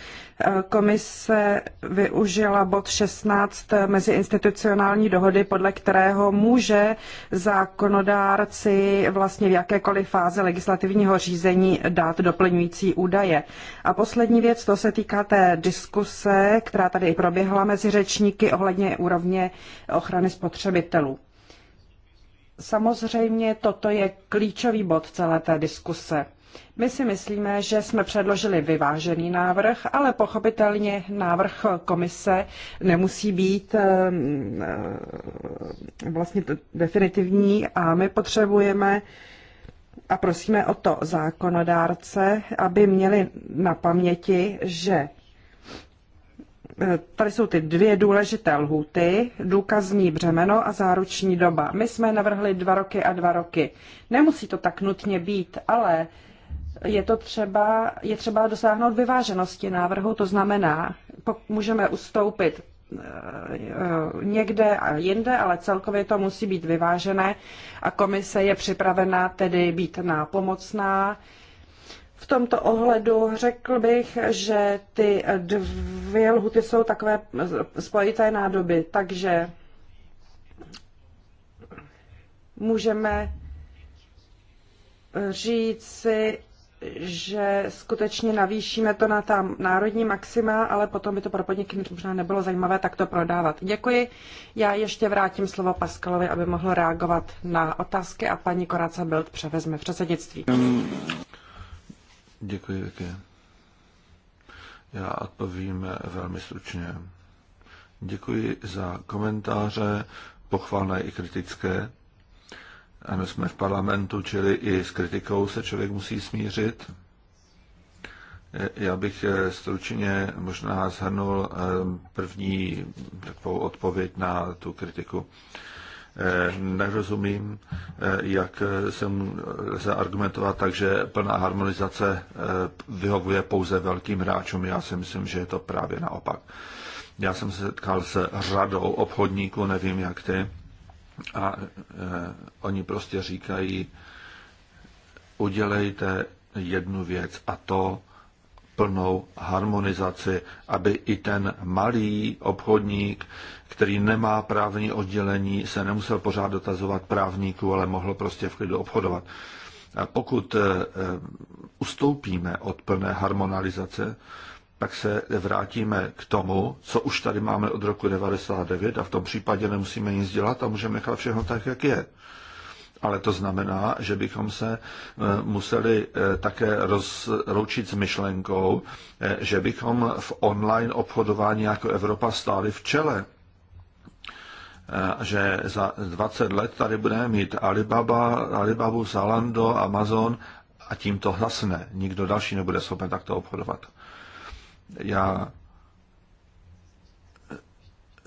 Komise využila bod 16 meziinstitucionální dohody, podle kterého může zákonodárci vlastně v jakékoliv fázi legislativního řízení dát doplňující údaje. A poslední věc, to se týká té diskuse, která tady i proběhla mezi řečníky ohledně úrovně ochrany spotřebitelů. Samozřejmě toto je klíčový bod celé té diskuse. My si myslíme, že jsme předložili vyvážený návrh, ale pochopitelně návrh komise nemusí být eh, vlastně definitivní a my potřebujeme a prosíme o to zákonodárce, aby měli na paměti, že tady jsou ty dvě důležité lhuty, důkazní břemeno a záruční doba. My jsme navrhli dva roky a dva roky. Nemusí to tak nutně být, ale je, to třeba, je třeba dosáhnout vyváženosti návrhu, to znamená, můžeme ustoupit eh, eh, někde a jinde, ale celkově to musí být vyvážené a komise je připravená tedy být nápomocná tomto ohledu řekl bych, že ty dvě lhuty jsou takové spojité nádoby, takže můžeme říci, že skutečně navýšíme to na ta národní maxima, ale potom by to pro podniky možná nebylo zajímavé tak to prodávat. Děkuji. Já ještě vrátím slovo Paskalovi, aby mohl reagovat na otázky a paní Koráca Bild převezme předsednictví. Um, Děkuji také. Já odpovím velmi stručně. Děkuji za komentáře, pochvalné i kritické. Ano, jsme v parlamentu, čili i s kritikou se člověk musí smířit. Já bych stručně možná zhrnul eh, první takovou odpověď na tu kritiku nerozumím, eh, jak se může argumentovat tak, že plná harmonizace eh, vyhovuje pouze velkým hráčům. Já si myslím, že je to právě naopak. Já jsem se setkal s řadou obchodníků, nevím jak ty, a eh, oni prostě říkají, udělejte jednu věc a to plnou harmonizaci, aby i ten malý obchodník, který nemá právní oddělení, se nemusel pořád dotazovat právníků, ale mohl prostě v klidu obchodovat. A pokud eh, ustoupíme od plné harmonizace, pak se vrátíme k tomu, co už tady máme od roku 99 a v tom případě nemusíme nic dělat a můžeme nechat všechno tak, jak je. Ale to znamená, že bychom se eh, museli eh, také rozloučit s myšlenkou, eh, že bychom v online obchodování jako Evropa stáli v čele. Že za 20 let tady budeme mít Alibaba, Alibabu, Zalando, Amazon a tím to hlasne. Nikdo další nebude schopen takto obchodovat. Já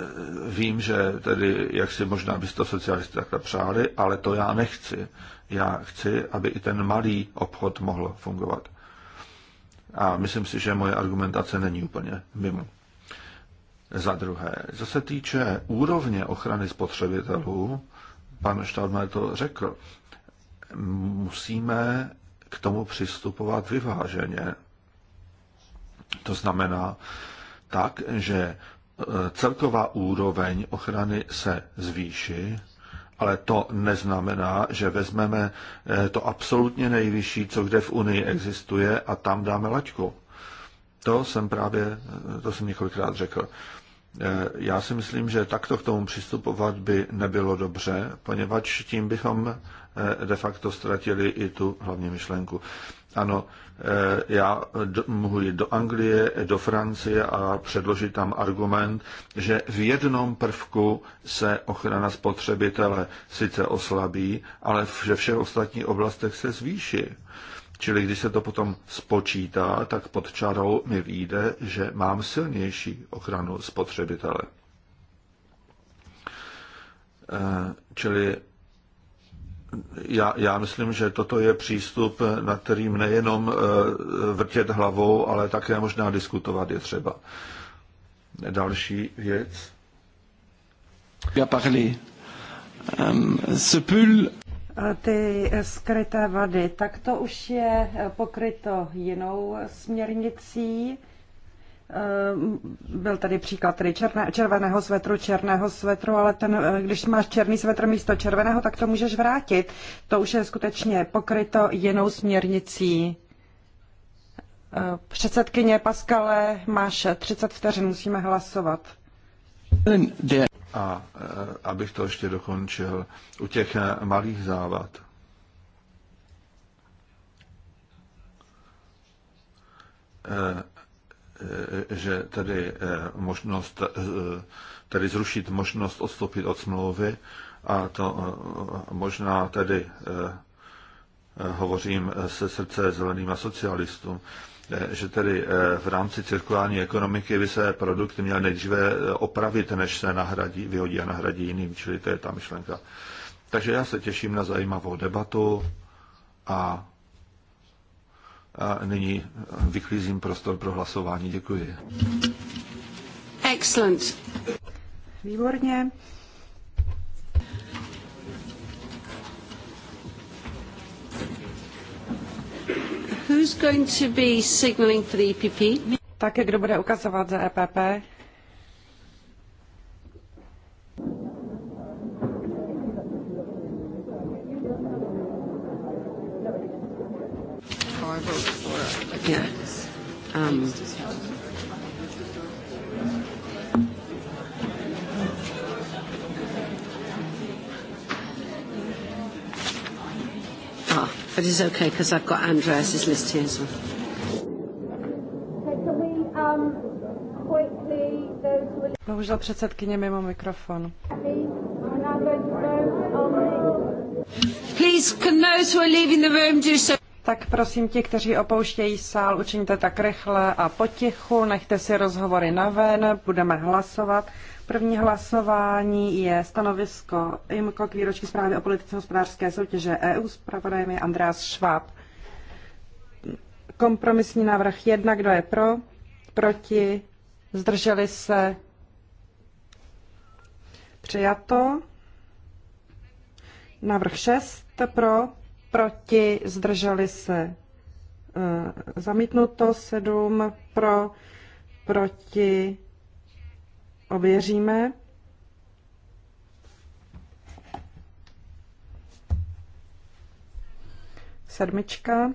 Eh, vím, že tedy, jak si možná byste to socialisté takhle přáli, ale to já nechci. Já chci, aby i ten malý obchod mohl fungovat. A myslím si, že moje argumentace není úplně mimo. Za druhé, co se týče úrovně ochrany spotřebitelů, pan Štadmer to řekl, musíme k tomu přistupovat vyváženě. To znamená tak, že celková úroveň ochrany se zvýší, ale to neznamená, že vezmeme eh, to absolutně nejvyšší, co kde v Unii existuje a tam dáme laťku. To jsem právě, eh, to jsem několikrát řekl. Eh, já si myslím, že takto k tomu přistupovat by nebylo dobře, poněvadž tím bychom de facto ztratili i tu hlavní myšlenku. Ano, eh, já do, mohu jít do Anglie, do Francie a předložit tam argument, že v jednom prvku se ochrana spotřebitele sice oslabí, ale ve všech ostatních oblastech se zvýší. Čili když se to potom spočítá, tak pod čarou mi vyjde, že mám silnější ochranu spotřebitele. Eh, čili já, já myslím, že toto je přístup, na kterým nejenom eh, vrtět hlavou, ale také možná diskutovat je třeba. Další věc. Já parli. Um, ty skryté vady, tak to už je pokryto jinou směrnicí. Eh, byl tady příklad tedy černé, červeného svetru, černého svetru, ale ten, eh, když máš černý svetr místo červeného, tak to můžeš vrátit. To už je skutečně pokryto jinou směrnicí. Eh, předsedkyně Paskale, máš 30 vteřin, musíme hlasovat. A abych to ještě dokončil, u těch malých závad. Uh... E, že tedy e, možnost, e, tedy zrušit možnost odstoupit od smlouvy a to možná tedy hovořím se srdce zeleným a socialistům, že tedy v rámci cirkulární ekonomiky by se produkt měl nejdříve opravit, než se nahradí, vyhodí a nahradí jiným, čili to je ta myšlenka. Takže já se těším na zajímavou debatu a a nyní vyklízím prostor pro hlasování. Děkuji. Excellent. Výborně. Who's going to be signaling for the EPP? Také kdo bude ukazovat za EPP? Yeah. Um, oh, but it's okay because I've got Andreas's list here as well. Um, Bohužel předsedkyně mimo mikrofon. Please, can those who are leaving the room do so? Tak prosím ti, kteří opouštějí sál, učiňte tak rychle a potichu, nechte si rozhovory na ven, budeme hlasovat. První hlasování je stanovisko IMCO k výročí zprávy o politice hospodářské soutěže EU. Zpravodajem je Andreas Schwab. Kompromisní návrh jedna, kdo je pro, proti, zdrželi se, přijato. Návrh 6 pro, proti, zdrželi se eh, zamítnuto, sedm pro, proti, ověříme. Sedmička.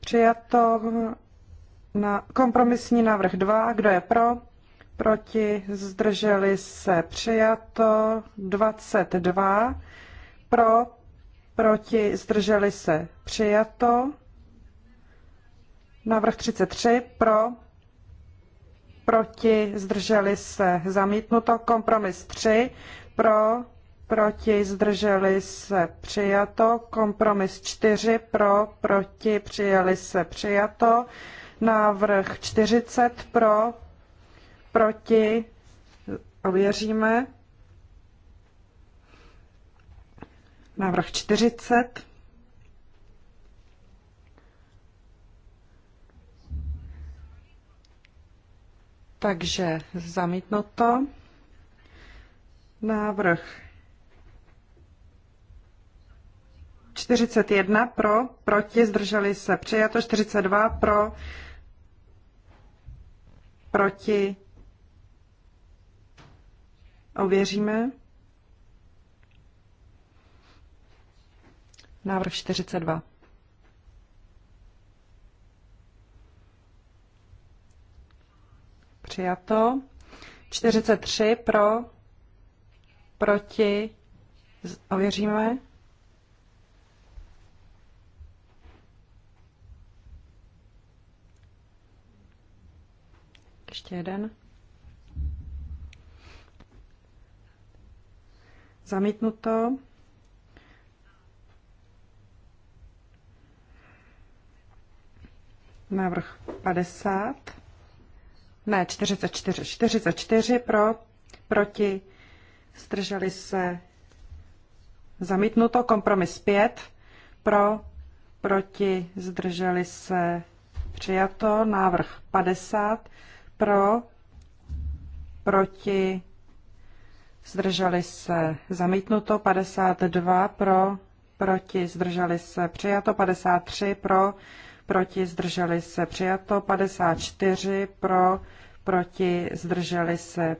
Přijato na kompromisní návrh 2. Kdo je pro? proti, zdrželi se přijato, 22 pro, proti, zdrželi se přijato, návrh 33 pro, proti, zdrželi se zamítnuto, kompromis 3 pro, proti, zdrželi se přijato, kompromis 4 pro, proti, přijeli se přijato, návrh 40 pro, proti, ověříme. Návrh 40. Takže zamítnuto. Návrh 41 pro, proti, zdrželi se přijato, 42 pro, proti, Ověříme. Návrh 42. Přijato. 43 pro, proti, ověříme. Ještě jeden. Zamítnuto. Návrh 50. Ne, 44. 44 pro, proti, zdrželi se. Zamítnuto. Kompromis 5 pro, proti, zdrželi se. Přijato. Návrh 50 pro, proti, zdrželi se zamítnuto, 52 pro, proti, zdrželi se přijato, 53 pro, proti, zdrželi se přijato, 54 pro, proti, zdrželi se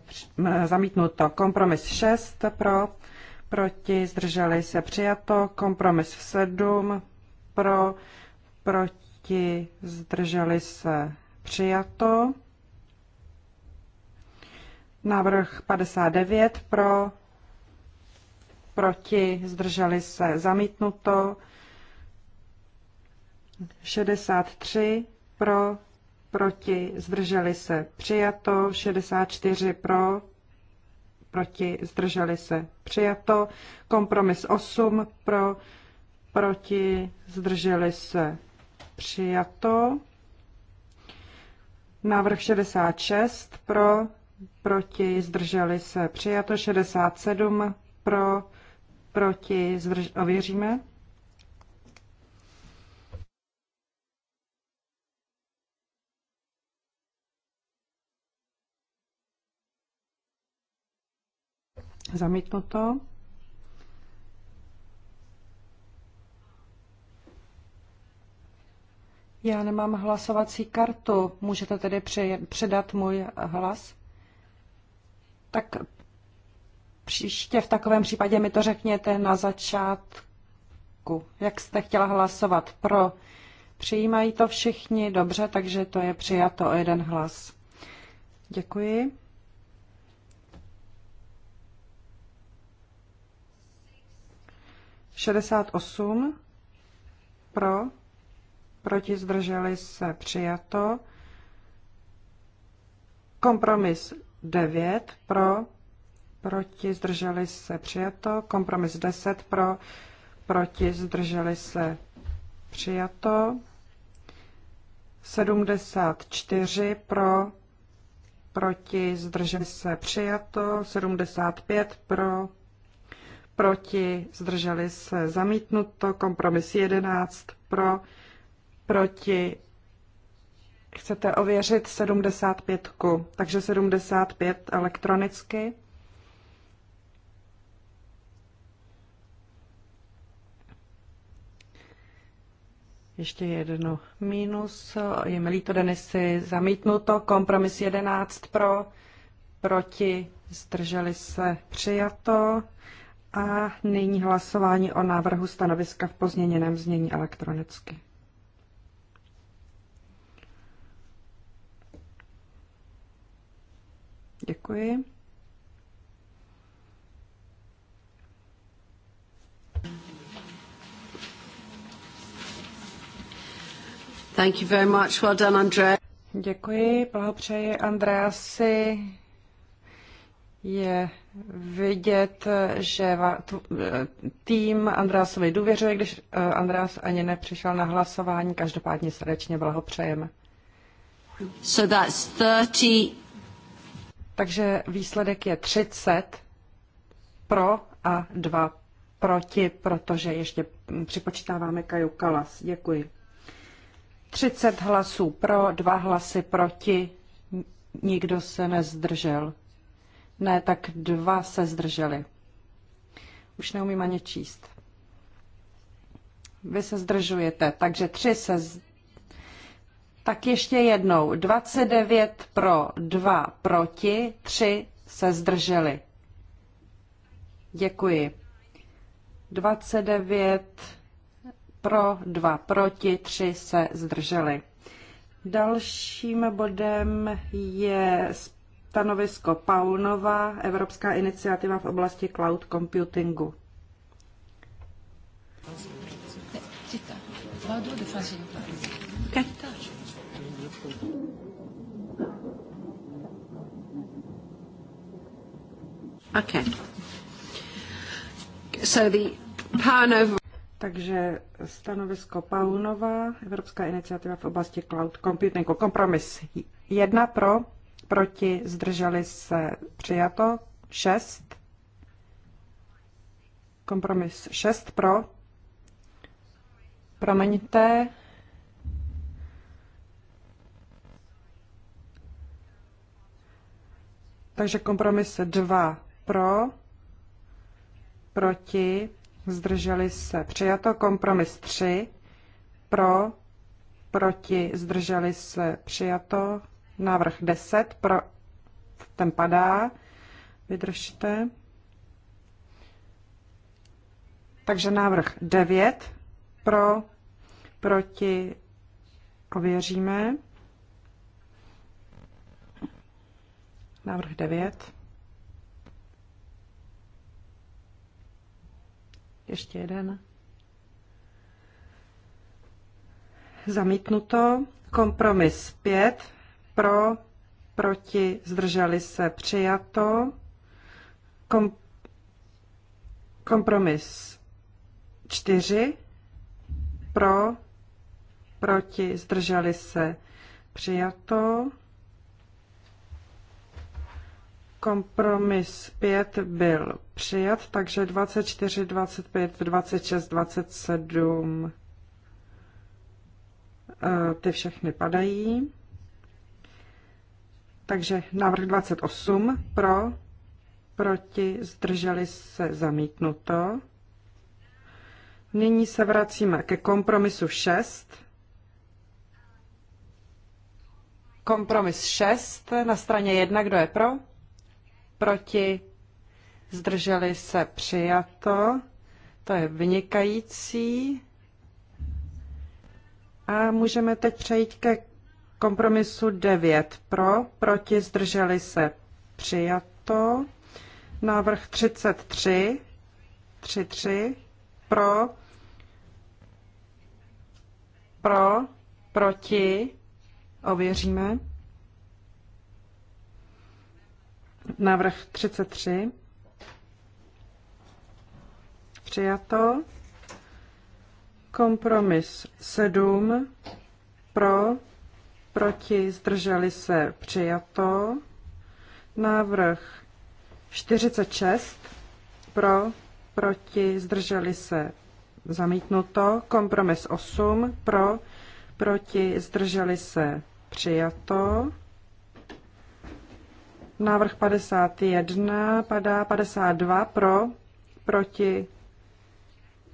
zamítnuto, kompromis 6 pro, proti, zdrželi se přijato, kompromis 7 pro, proti, zdrželi se přijato. Návrh 59 pro, proti, zdrželi se, zamítnuto. 63 pro, proti, zdrželi se, přijato. 64 pro, proti, zdrželi se, přijato. Kompromis 8 pro, proti, zdrželi se, přijato. Návrh 66 pro, proti, zdrželi se přijato, 67 pro, proti, zdrž, ověříme. Zamítnuto. Já nemám hlasovací kartu. Můžete tedy předat můj hlas? Tak příště v takovém případě mi to řekněte na začátku, jak jste chtěla hlasovat pro. Přijímají to všichni dobře, takže to je přijato o jeden hlas. Děkuji. Šedesát osm pro, proti zdrželi se přijato. Kompromis 9 pro, proti, zdrželi se přijato. Kompromis 10 pro, proti, zdrželi se přijato. 74 pro, proti, zdrželi se přijato. 75 pro, proti, zdrželi se zamítnuto. Kompromis 11 pro, proti, Chcete ověřit 75, takže 75 elektronicky. Ještě jedno minus. Je milý to Denisy, zamítnuto. Kompromis 11 pro, proti, zdrželi se, přijato. A nyní hlasování o návrhu stanoviska v pozměněném znění elektronicky. Děkuji. Thank you very much. Well done, Andrea. Děkuji, blahopřeji Andreasi. Je vidět, že eh, tým Andreasovi důvěřuje, když eh, Andreas ani nepřišel na hlasování. Každopádně srdečně blahopřejeme. So that's 30 takže výsledek je 30 pro a 2 proti, protože ještě připočítáváme Kaju Kalas. Děkuji. 30 hlasů pro, 2 hlasy proti, nikdo se nezdržel. Ne, tak dva se zdrželi. Už neumím ani číst. Vy se zdržujete, takže tři se tak ještě jednou. 29 pro, 2 proti, 3 se zdrželi. Děkuji. 29 pro, 2 proti, 3 se zdrželi. Dalším bodem je stanovisko Paunova, Evropská iniciativa v oblasti cloud computingu. Okay. So the Pánov... Takže stanovisko Paunova, Evropská iniciativa v oblasti cloud computingu. Kompromis jedna pro, proti, zdrželi se, přijato, šest. Kompromis šest pro. Promiňte, Takže kompromis 2 pro, proti, zdrželi se. Přijato kompromis 3 pro, proti, zdrželi se. Přijato návrh 10 pro, ten padá. Vydržte. Takže návrh 9 pro, proti, ověříme. Návrh 9. Ještě jeden. Zamítnuto. Kompromis 5. Pro, proti, zdrželi se, přijato. Kom, kompromis 4. Pro, proti, zdrželi se, přijato. Kompromis 5 byl přijat, takže 24, 25, 26, 27 ty všechny padají. Takže návrh 28 pro, proti, zdrželi se zamítnuto. Nyní se vracíme ke kompromisu 6. Kompromis 6 na straně 1, kdo je pro? proti, zdrželi se přijato, to je vynikající. A můžeme teď přejít ke kompromisu 9 pro, proti, zdrželi se přijato. Návrh 33, 33 pro, pro, proti, ověříme. Návrh 33. Přijato. Kompromis 7. Pro. Proti. Zdrželi se. Přijato. Návrh 46. Pro. Proti. Zdrželi se. Zamítnuto. Kompromis 8. Pro. Proti. Zdrželi se. Přijato. Návrh 51 padá 52 pro, proti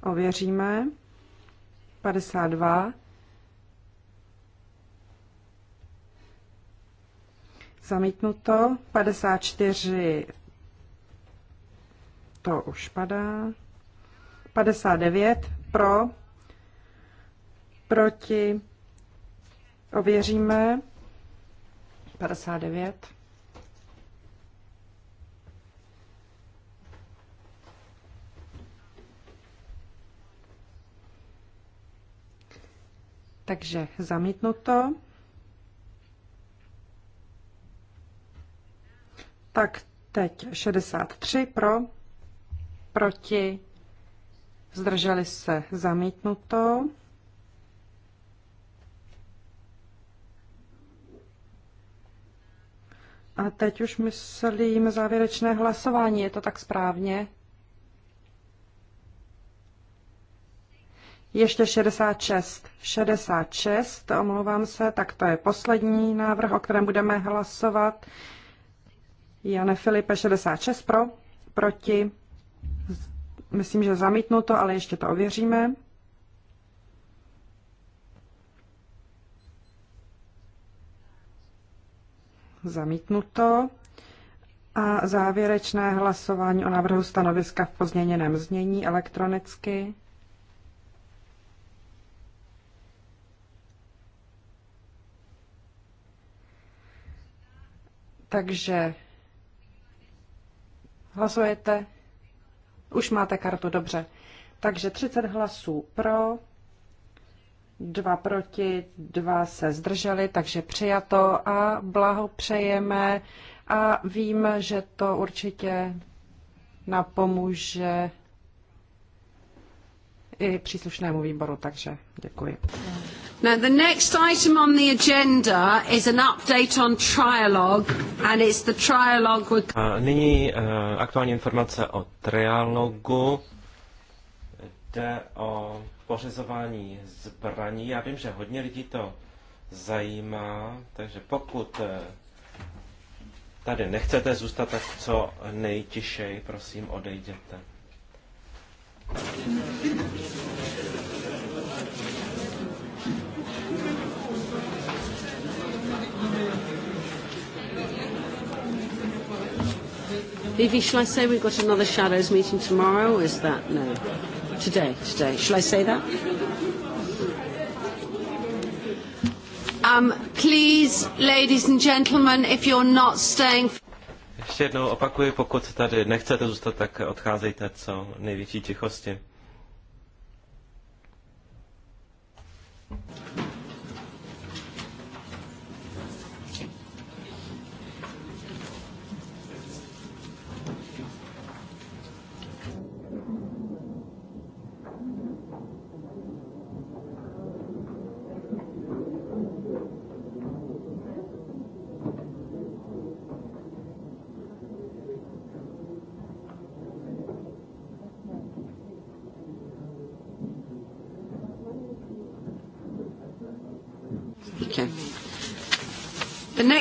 ověříme. 52. Zamítnuto. 54. To už padá. 59 pro, proti ověříme. 59. Takže zamítnuto. Tak teď 63 pro, proti, zdrželi se zamítnuto. A teď už myslím závěrečné hlasování, je to tak správně? Ještě 66. 66, omlouvám se, tak to je poslední návrh, o kterém budeme hlasovat. Jane Filipe 66 pro, proti, myslím, že to, ale ještě to ověříme. Zamítnuto. A závěrečné hlasování o návrhu stanoviska v pozměněném znění elektronicky. Takže hlasujete. Už máte kartu, dobře. Takže 30 hlasů pro, dva proti, dva se zdrželi, takže přijato a blahopřejeme. A vím, že to určitě napomůže i příslušnému výboru, takže děkuji. Now, the next item on the agenda is an update on trialogue, and it's the trialogue with... A nyní uh, aktuální informace o trialogu. Jde o pořizování zbraní. Já vím, že hodně lidí to zajímá, takže pokud eh, tady nechcete zůstat, tak co nejtišej, prosím, odejděte. Vivi, shall I say we've got another shadows meeting tomorrow? Is that no? Today, today. Shall I say that? Um, please, ladies and gentlemen, if you're not staying. Ještě jednou opakuji, pokud tady nechcete zůstat, tak odcházejte co největší tichosti.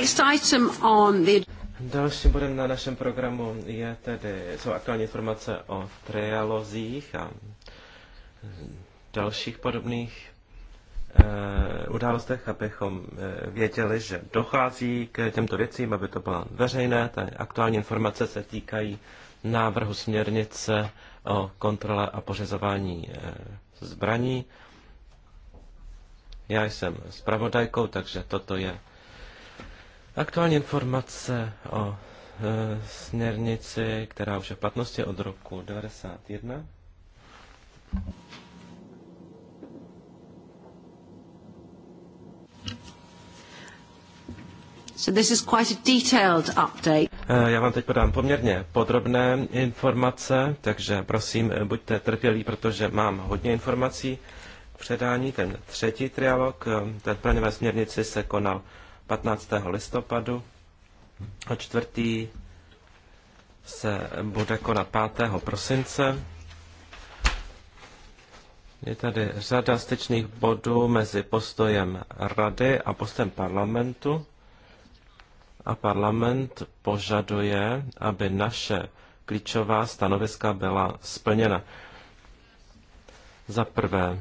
next item on the... Dalším bodem na našem programu je tedy, jsou aktuální informace o trialozích a dalších podobných e, událostech, abychom e, věděli, že dochází k těmto věcím, aby to bylo veřejné. Ta aktuální informace se týkají návrhu směrnice o kontrole a pořizování e, zbraní. Já jsem zpravodajkou, takže toto je Aktuální informace o e, směrnici, která už je v platnosti od roku 1991. So this is quite a detailed update. E, já vám teď podám poměrně podrobné informace, takže prosím, e, buďte trpělí, protože mám hodně informací. Předání, ten třetí trialog, e, ten praňové směrnici se konal 15. listopadu a čtvrtý se bude konat 5. prosince. Je tady řada styčných bodů mezi postojem Rady a postojem parlamentu. A parlament požaduje, aby naše klíčová stanoviska byla splněna. Za prvé,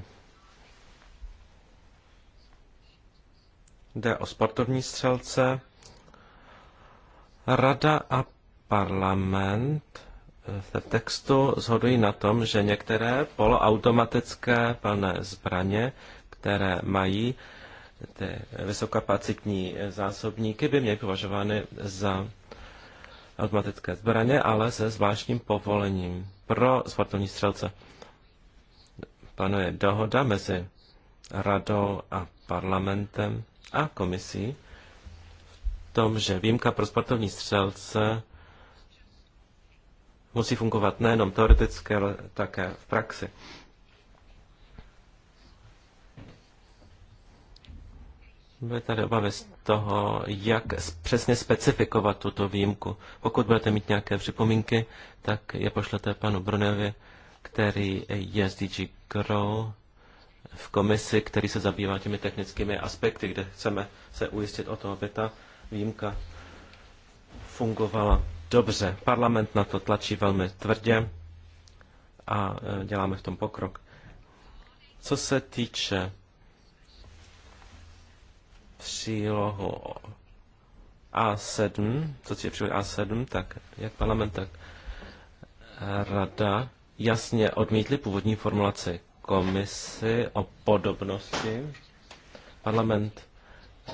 Jde o sportovní střelce. Rada a parlament v textu zhodují na tom, že některé poloautomatické plné zbraně, které mají ty vysokokapacitní zásobníky, by měly považovány za automatické zbraně, ale se zvláštním povolením pro sportovní střelce. Panuje dohoda mezi radou a parlamentem a komisí v tom, že výjimka pro sportovní střelce musí fungovat nejenom teoreticky, ale také v praxi. Byly tady obavy z toho, jak přesně specifikovat tuto výjimku. Pokud budete mít nějaké připomínky, tak je pošlete panu Brunevi, který je z DG Grow v komisi, který se zabývá těmi technickými aspekty, kde chceme se ujistit o tom, aby ta výjimka fungovala dobře. Parlament na to tlačí velmi tvrdě a e, děláme v tom pokrok. Co se týče přílohu A7, co se přílohu A7, tak jak parlament, tak rada jasně odmítli původní formulaci komisi o podobnosti. Parlament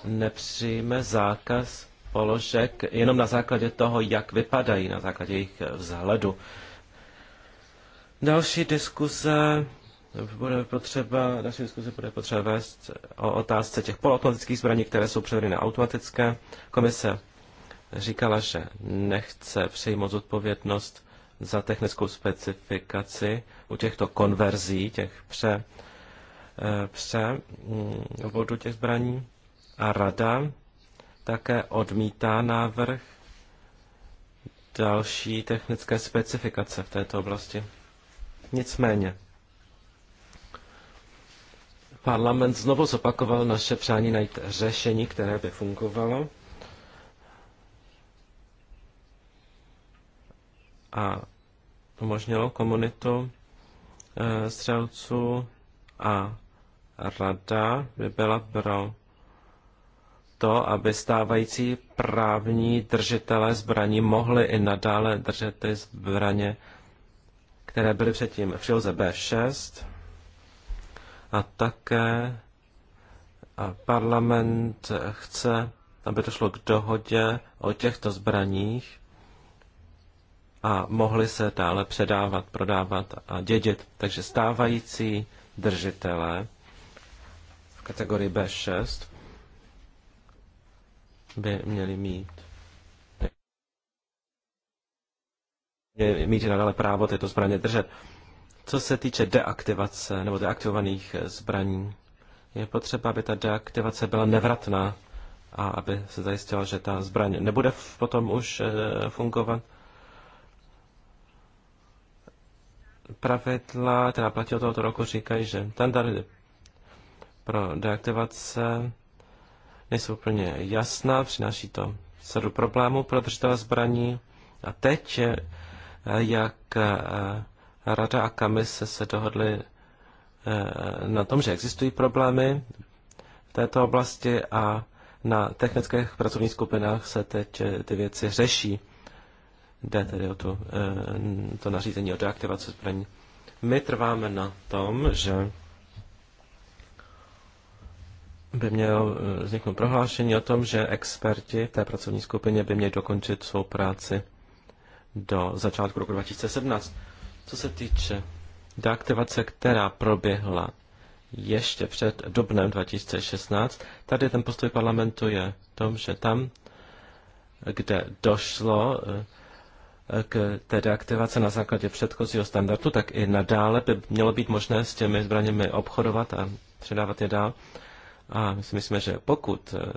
nepřijme zákaz položek jenom na základě toho, jak vypadají, na základě jejich vzhledu. Další diskuze bude potřeba, další diskuze bude potřeba vést o otázce těch poloautomatických zbraní, které jsou převedeny na automatické. Komise říkala, že nechce přijmout odpovědnost za technickou specifikaci u těchto konverzí, těch pře, eh, pře mm, vodu těch zbraní. A rada také odmítá návrh další technické specifikace v této oblasti. Nicméně, parlament znovu zopakoval naše přání najít řešení, které by fungovalo a umožnilo komunitu eh, střelců a rada by byla pro to, aby stávající právní držitelé zbraní mohli i nadále držet ty zbraně, které byly předtím v příloze B6 a také parlament chce, aby došlo k dohodě o těchto zbraních a mohly se dále předávat, prodávat a dědit. Takže stávající držitele v kategorii B6 by měli mít mít nadále právo tyto zbraně držet. Co se týče deaktivace nebo deaktivovaných zbraní, je potřeba, aby ta deaktivace byla nevratná a aby se zajistilo, že ta zbraň nebude potom už eh, fungovat. pravidla, která platí od tohoto roku, říkají, že standardy pro deaktivace nejsou úplně jasná, přináší to sadu problémů pro držitele zbraní. A teď, jak eh, Rada a Kamise se dohodly eh, na tom, že existují problémy v této oblasti a na technických pracovních skupinách se teď ty věci řeší. Jde tedy o tu, eh, to nařízení o deaktivaci zbraní. My trváme na tom, že by mělo eh, vzniknout prohlášení o tom, že experti té pracovní skupině by měli dokončit svou práci do začátku roku 2017. Co se týče deaktivace, která proběhla ještě před dubnem 2016, tady ten postoj parlamentu je v tom, že tam, kde došlo eh, k té deaktivace na základě předchozího standardu, tak i nadále by mělo být možné s těmi zbraněmi obchodovat a předávat je dál. A my si myslíme, že pokud eh,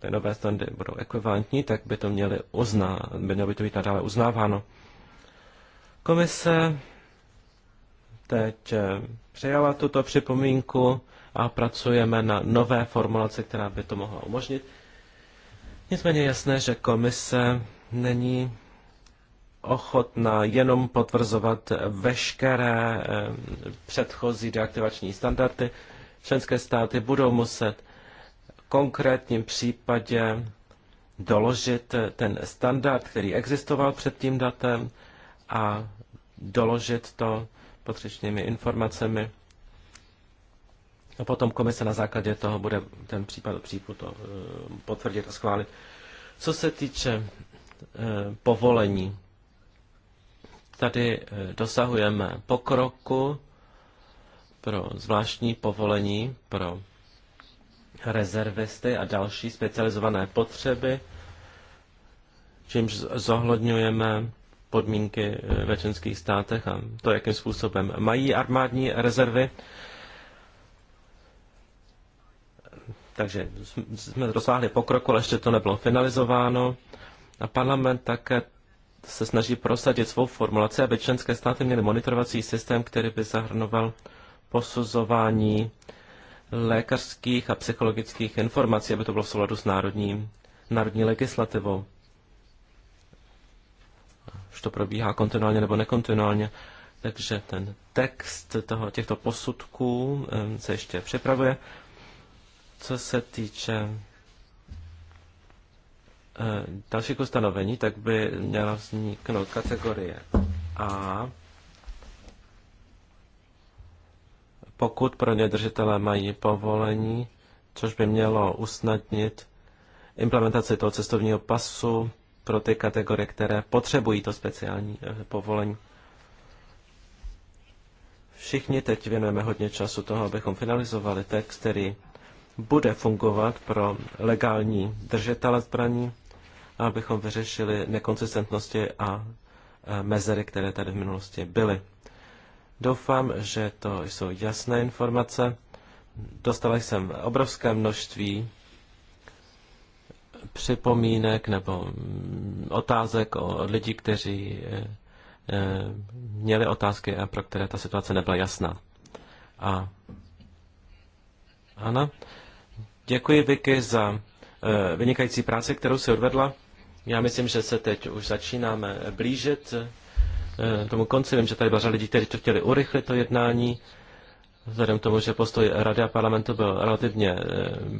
ty nové standardy budou ekvivalentní, tak by to měly uzná, by mělo by to být nadále uznáváno. Komise teď eh, přijala tuto připomínku a pracujeme na nové formulaci, která by to mohla umožnit. Nicméně jasné, že komise není ochotná jenom potvrzovat veškeré eh, předchozí deaktivační standardy. Členské státy budou muset v konkrétním případě doložit eh, ten standard, který existoval před tím datem a doložit to potřebnými informacemi. A potom komise na základě toho bude ten případ případu to eh, potvrdit a schválit. Co se týče povolení Tady eh, dosahujeme pokroku pro zvláštní povolení pro rezervisty a další specializované potřeby, čímž zohledňujeme podmínky eh, ve členských státech a to, jakým způsobem mají armádní rezervy. Takže jsme dosáhli pokroku, ale ještě to nebylo finalizováno. A parlament také se snaží prosadit svou formulaci, aby členské státy měly monitorovací systém, který by zahrnoval posuzování lékařských a psychologických informací, aby to bylo v souladu s národní, národní legislativou. Už to probíhá kontinuálně nebo nekontinuálně. Takže ten text toho, těchto posudků eh, se ještě připravuje. Co se týče Eh, dalších ustanovení, jako tak by měla vzniknout kategorie A, pokud pro ně držitelé mají povolení, což by mělo usnadnit implementaci toho cestovního pasu pro ty kategorie, které potřebují to speciální eh, povolení. Všichni teď věnujeme hodně času toho, abychom finalizovali text, který bude fungovat pro legální držitele zbraní abychom vyřešili nekonsistentnosti a e, mezery, které tady v minulosti byly. Doufám, že to jsou jasné informace. Dostala jsem obrovské množství připomínek nebo mm, otázek od lidí, kteří e, e, měli otázky a pro které ta situace nebyla jasná. A Ana, děkuji Vicky za vynikající práci, kterou si odvedla. Já myslím, že se teď už začínáme blížit eh, tomu konci. Vím, že tady byla lidí, kteří to chtěli urychlit, to jednání. Vzhledem k tomu, že postoj Rady a parlamentu byl relativně eh,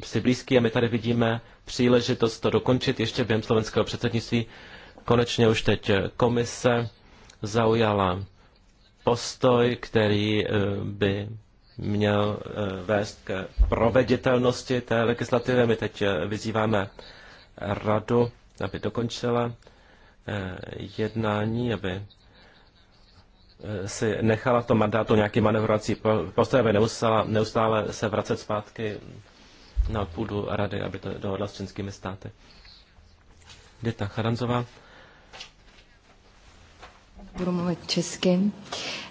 si blízký a my tady vidíme příležitost to dokončit ještě během slovenského předsednictví. Konečně už teď eh, komise zaujala postoj, který by měl vést k proveditelnosti té legislativy. My teď vyzýváme radu, aby dokončila eh, jednání, aby eh, si nechala v tom mandátu nějaký manevrovací postoj, aby neustále, neustále se vracet zpátky na půdu rady, aby to dohodla s čínskými státy. Dita Charanzová. Budu mluvit česky.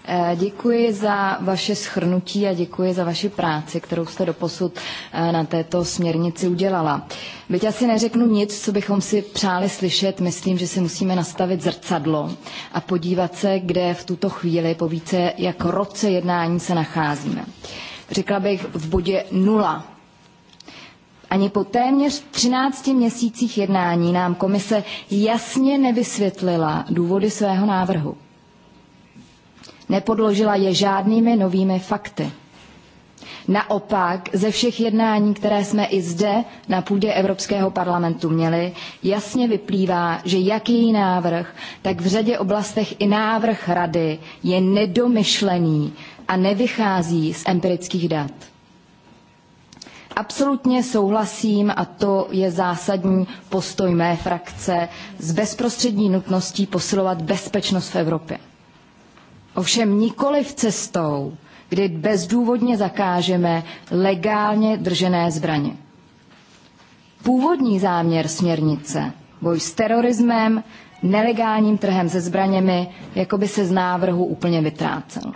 Eh, děkuji za vaše schrnutí a děkuji za vaši práci, kterou jste doposud eh, na této směrnici udělala. Byť asi neřeknu nic, co bychom si přáli slyšet, myslím, že si musíme nastavit zrcadlo a podívat se, kde v tuto chvíli po více jak roce jednání se nacházíme. Řekla bych v bodě nula ani po téměř 13 měsících jednání nám komise jasně nevysvětlila důvody svého návrhu nepodložila je žádnými novými fakty. Naopak, ze všech jednání, které jsme i zde na půdě Evropského parlamentu měli, jasně vyplývá, že jak její návrh, tak v řadě oblastech i návrh rady je nedomyšlený a nevychází z empirických dat. Absolutně souhlasím, a to je zásadní postoj mé frakce, s bezprostřední nutností posilovat bezpečnost v Evropě. Ovšem nikoliv cestou, kdy bezdůvodně zakážeme legálně držené zbraně. Původní záměr směrnice, boj s terorismem, nelegálním trhem se zbraněmi, jako by se z návrhu úplně vytrácel.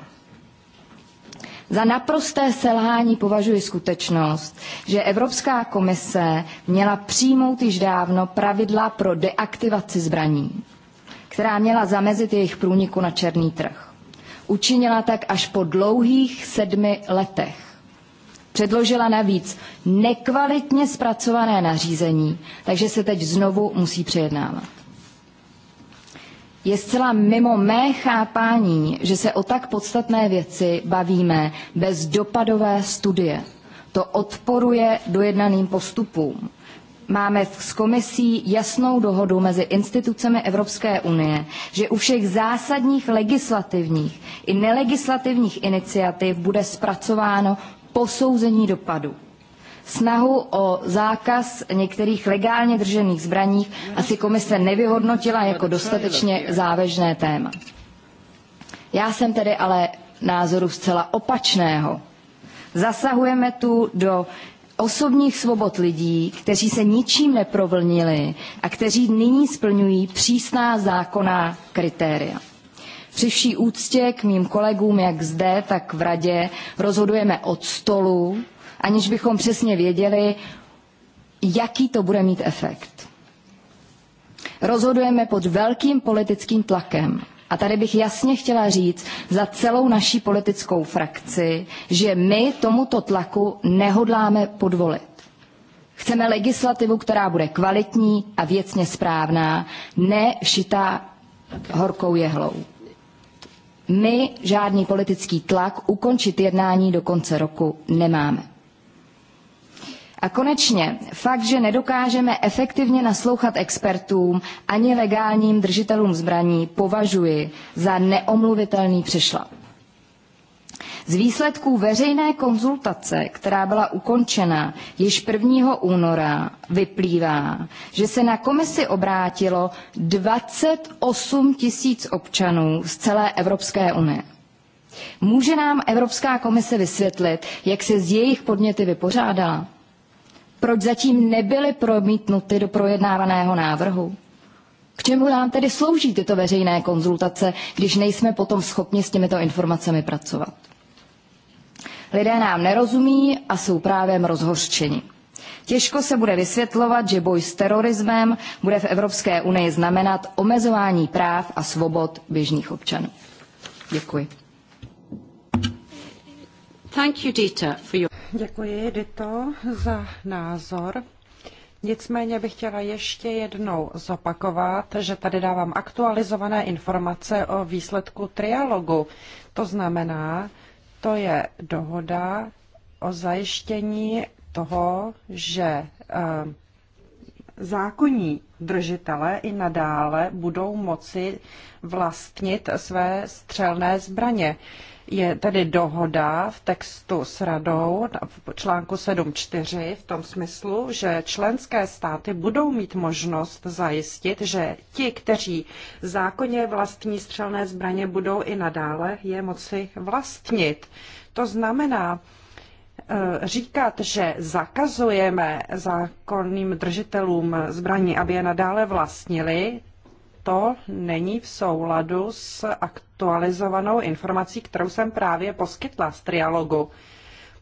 Za naprosté selhání považuji skutečnost, že Evropská komise měla přijmout již dávno pravidla pro deaktivaci zbraní, která měla zamezit jejich průniku na černý trh. Učinila tak až po dlouhých sedmi letech. Předložila navíc nekvalitně zpracované nařízení, takže se teď znovu musí přejednávat. Je zcela mimo mé chápání, že se o tak podstatné věci bavíme bez dopadové studie. To odporuje dojednaným postupům máme s komisí jasnou dohodu mezi institucemi Evropské unie, že u všech zásadních legislativních i nelegislativních iniciativ bude zpracováno posouzení dopadu. Snahu o zákaz některých legálně držených zbraní asi komise nevyhodnotila jako dostatečně závažné téma. Já jsem tedy ale názoru zcela opačného. Zasahujeme tu do osobních svobod lidí, kteří se ničím neprovlnili a kteří nyní splňují přísná zákonná kritéria. Při vší úctě k mým kolegům, jak zde, tak v radě, rozhodujeme od stolu, aniž bychom přesně věděli, jaký to bude mít efekt. Rozhodujeme pod velkým politickým tlakem, a tady bych jasně chtěla říct za celou naší politickou frakci, že my tomuto tlaku nehodláme podvolit. Chceme legislativu, která bude kvalitní a věcně správná, ne šitá horkou jehlou. My žádný politický tlak ukončit jednání do konce roku nemáme. A konečně fakt, že nedokážeme efektivně naslouchat expertům ani legálním držitelům zbraní, považuji za neomluvitelný přešlap. Z výsledků veřejné konzultace, která byla ukončena již 1. února, vyplývá, že se na komisi obrátilo 28 tisíc občanů z celé Evropské unie. Může nám Evropská komise vysvětlit, jak se z jejich podněty vypořádala? proč zatím nebyly promítnuty do projednávaného návrhu. K čemu nám tedy slouží tyto veřejné konzultace, když nejsme potom schopni s těmito informacemi pracovat? Lidé nám nerozumí a jsou právem rozhořčeni. Těžko se bude vysvětlovat, že boj s terorismem bude v Evropské unii znamenat omezování práv a svobod běžných občanů. Děkuji. Thank you, Dita, for your... Děkuji, Dito, za názor. Nicméně bych chtěla ještě jednou zopakovat, že tady dávám aktualizované informace o výsledku trialogu. To znamená, to je dohoda o zajištění toho, že eh, zákonní držitele i nadále budou moci vlastnit své střelné zbraně. Je tedy dohoda v textu s radou v článku 7.4 v tom smyslu, že členské státy budou mít možnost zajistit, že ti, kteří zákonně vlastní střelné zbraně, budou i nadále je moci vlastnit. To znamená, eh, říkat, že zakazujeme zákonným držitelům zbraní, aby je nadále vlastnili, to není v souladu s aktualizovanou informací, kterou jsem právě poskytla z trialogu.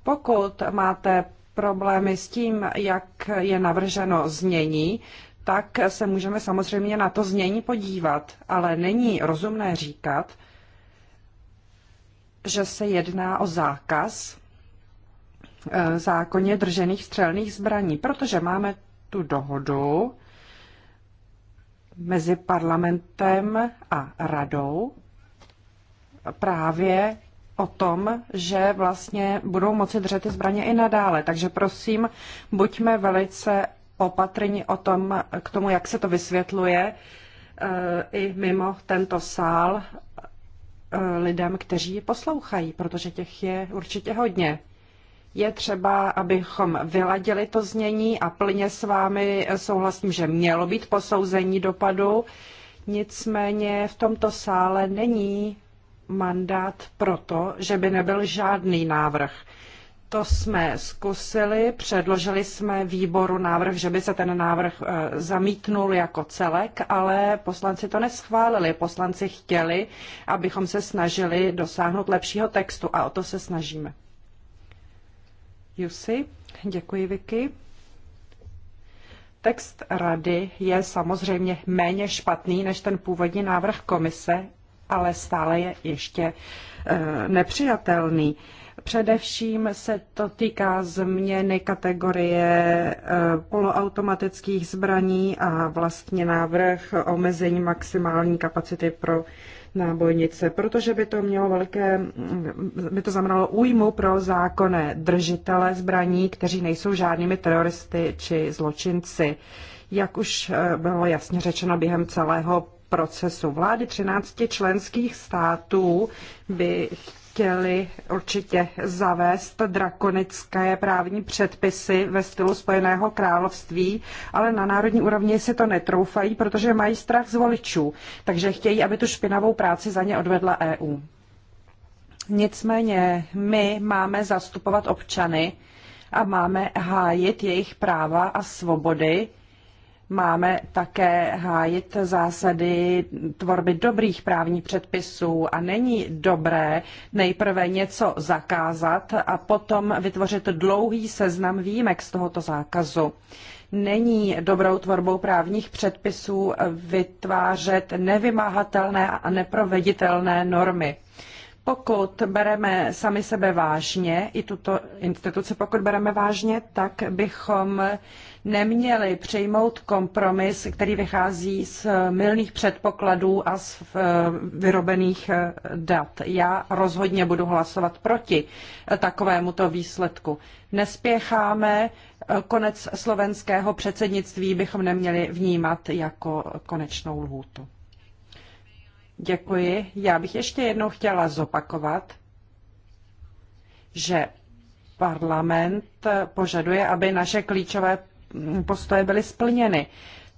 Pokud máte problémy s tím, jak je navrženo znění, tak se můžeme samozřejmě na to znění podívat, ale není rozumné říkat, že se jedná o zákaz e, zákonně držených střelných zbraní, protože máme tu dohodu, mezi parlamentem a radou právě o tom, že vlastně budou moci držet ty zbraně i nadále. Takže prosím, buďme velice opatrní o tom, k tomu, jak se to vysvětluje eh, i mimo tento sál eh, lidem, kteří poslouchají, protože těch je určitě hodně. Je třeba, abychom vyladili to znění a plně s vámi souhlasím, že mělo být posouzení dopadu. Nicméně v tomto sále není mandát proto, že by nebyl žádný návrh. To jsme zkusili, předložili jsme výboru návrh, že by se ten návrh e, zamítnul jako celek, ale poslanci to neschválili. Poslanci chtěli, abychom se snažili dosáhnout lepšího textu a o to se snažíme. Jusy. Děkuji, Vicky. Text rady je samozřejmě méně špatný než ten původní návrh komise, ale stále je ještě eh, nepřijatelný. Především se to týká změny kategorie eh, poloautomatických zbraní a vlastně návrh omezení maximální kapacity pro nábojnice, protože by to mělo velké, by to znamenalo újmu pro zákonné držitele zbraní, kteří nejsou žádnými teroristy či zločinci. Jak už eh, bylo jasně řečeno během celého procesu. Vlády 13 členských států by chtěli určitě zavést drakonické právní předpisy ve stylu Spojeného království, ale na národní úrovni si to netroufají, protože mají strach z voličů, takže chtějí, aby tu špinavou práci za ně odvedla EU. Nicméně my máme zastupovat občany a máme hájit jejich práva a svobody, Máme také hájit zásady tvorby dobrých právních předpisů a není dobré nejprve něco zakázat a potom vytvořit dlouhý seznam výjimek z tohoto zákazu. Není dobrou tvorbou právních předpisů vytvářet nevymahatelné a neproveditelné normy. Pokud bereme sami sebe vážně, i tuto instituci, pokud bereme vážně, tak bychom neměli přejmout kompromis, který vychází z milných předpokladů a z eh, vyrobených eh, dat. Já rozhodně budu hlasovat proti eh, takovémuto výsledku. Nespěcháme, konec slovenského předsednictví bychom neměli vnímat jako konečnou lhůtu. Děkuji. Já bych ještě jednou chtěla zopakovat, že parlament požaduje, aby naše klíčové postoje byly splněny.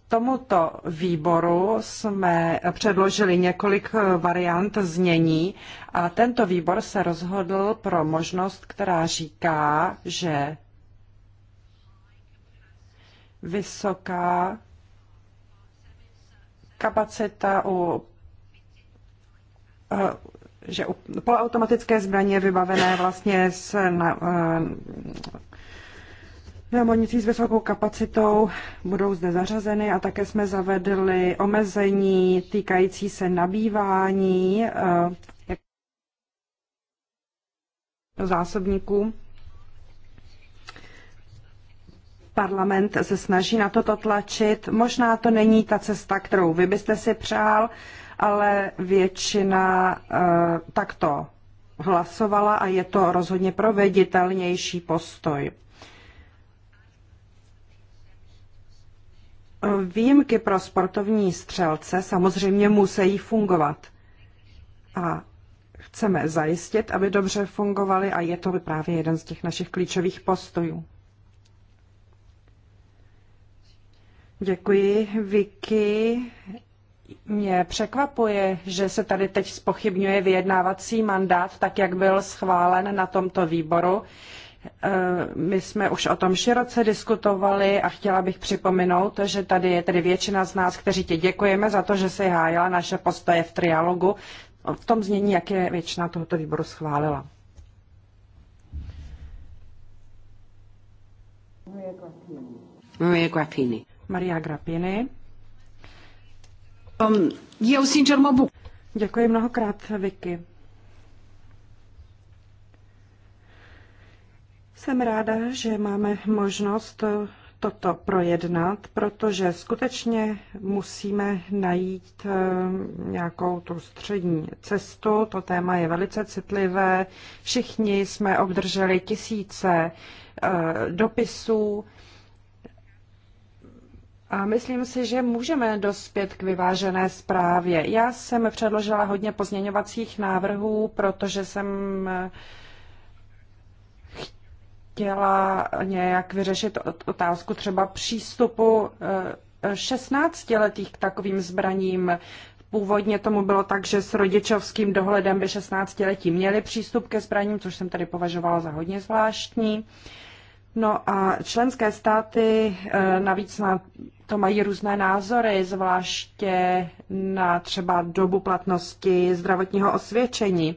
Tomuto výboru jsme předložili několik eh, variant znění a tento výbor se rozhodl pro možnost, která říká, že vysoká kapacita u eh, že poloautomatické zbraně vybavené vlastně s na, eh, nemocnicí s vysokou kapacitou budou zde zařazeny a také jsme zavedli omezení týkající se nabývání eh, zásobníků. Parlament se snaží na toto tlačit. Možná to není ta cesta, kterou vy byste si přál, ale většina eh, takto hlasovala a je to rozhodně proveditelnější postoj. Výjimky pro sportovní střelce samozřejmě musí fungovat. A chceme zajistit, aby dobře fungovaly a je to právě jeden z těch našich klíčových postojů. Děkuji, Vicky. Mě překvapuje, že se tady teď spochybňuje vyjednávací mandát, tak jak byl schválen na tomto výboru. Eh, my jsme už o tom široce diskutovali a chtěla bych připomenout, že tady je tedy většina z nás, kteří ti děkujeme za to, že jsi hájila naše postoje v trialogu v tom znění, jak je většina tohoto výboru schválila. Maria Grappini. Maria Grappini. Um, eu sincer mă bucur. Děkuji mnohokrát, Vicky. Jsem ráda, že máme možnost toto projednat, protože skutečně musíme najít eh, nějakou tu střední cestu. To téma je velice citlivé. Všichni jsme obdrželi tisíce eh, dopisů. A myslím si, že můžeme dospět k vyvážené zprávě. Já jsem předložila hodně pozměňovacích návrhů, protože jsem eh, chtěla nějak vyřešit otázku třeba přístupu 16-letých eh, k takovým zbraním. Původně tomu bylo tak, že s rodičovským dohledem by 16-letí měli přístup ke zbraním, což jsem tady považovala za hodně zvláštní. No a členské státy eh, navíc na to mají různé názory, zvláště na třeba dobu platnosti zdravotního osvědčení.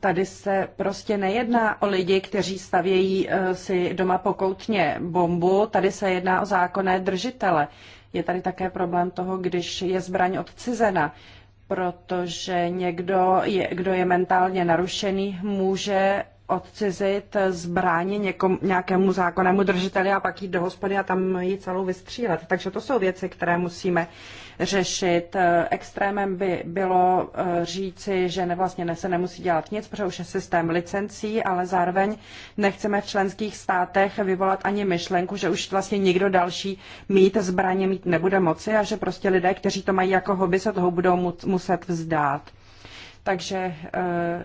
Tady se prostě nejedná o lidi, kteří stavějí eh, si doma pokoutně bombu, tady se jedná o zákonné držitele. Je tady také problém toho, když je zbraň odcizena, protože někdo, je, kdo je mentálně narušený, může odcizit zbraně někom, nějakému zákonnému držiteli a pak jít do hospody a tam ji celou vystřílet. Takže to jsou věci, které musíme řešit. Eh, extrémem by bylo eh, říci, že ne, vlastně se nemusí dělat nic, protože už je systém licencí, ale zároveň nechceme v členských státech vyvolat ani myšlenku, že už vlastně nikdo další mít zbraně mít nebude moci a že prostě lidé, kteří to mají jako hobby, se toho budou muset vzdát. Takže eh,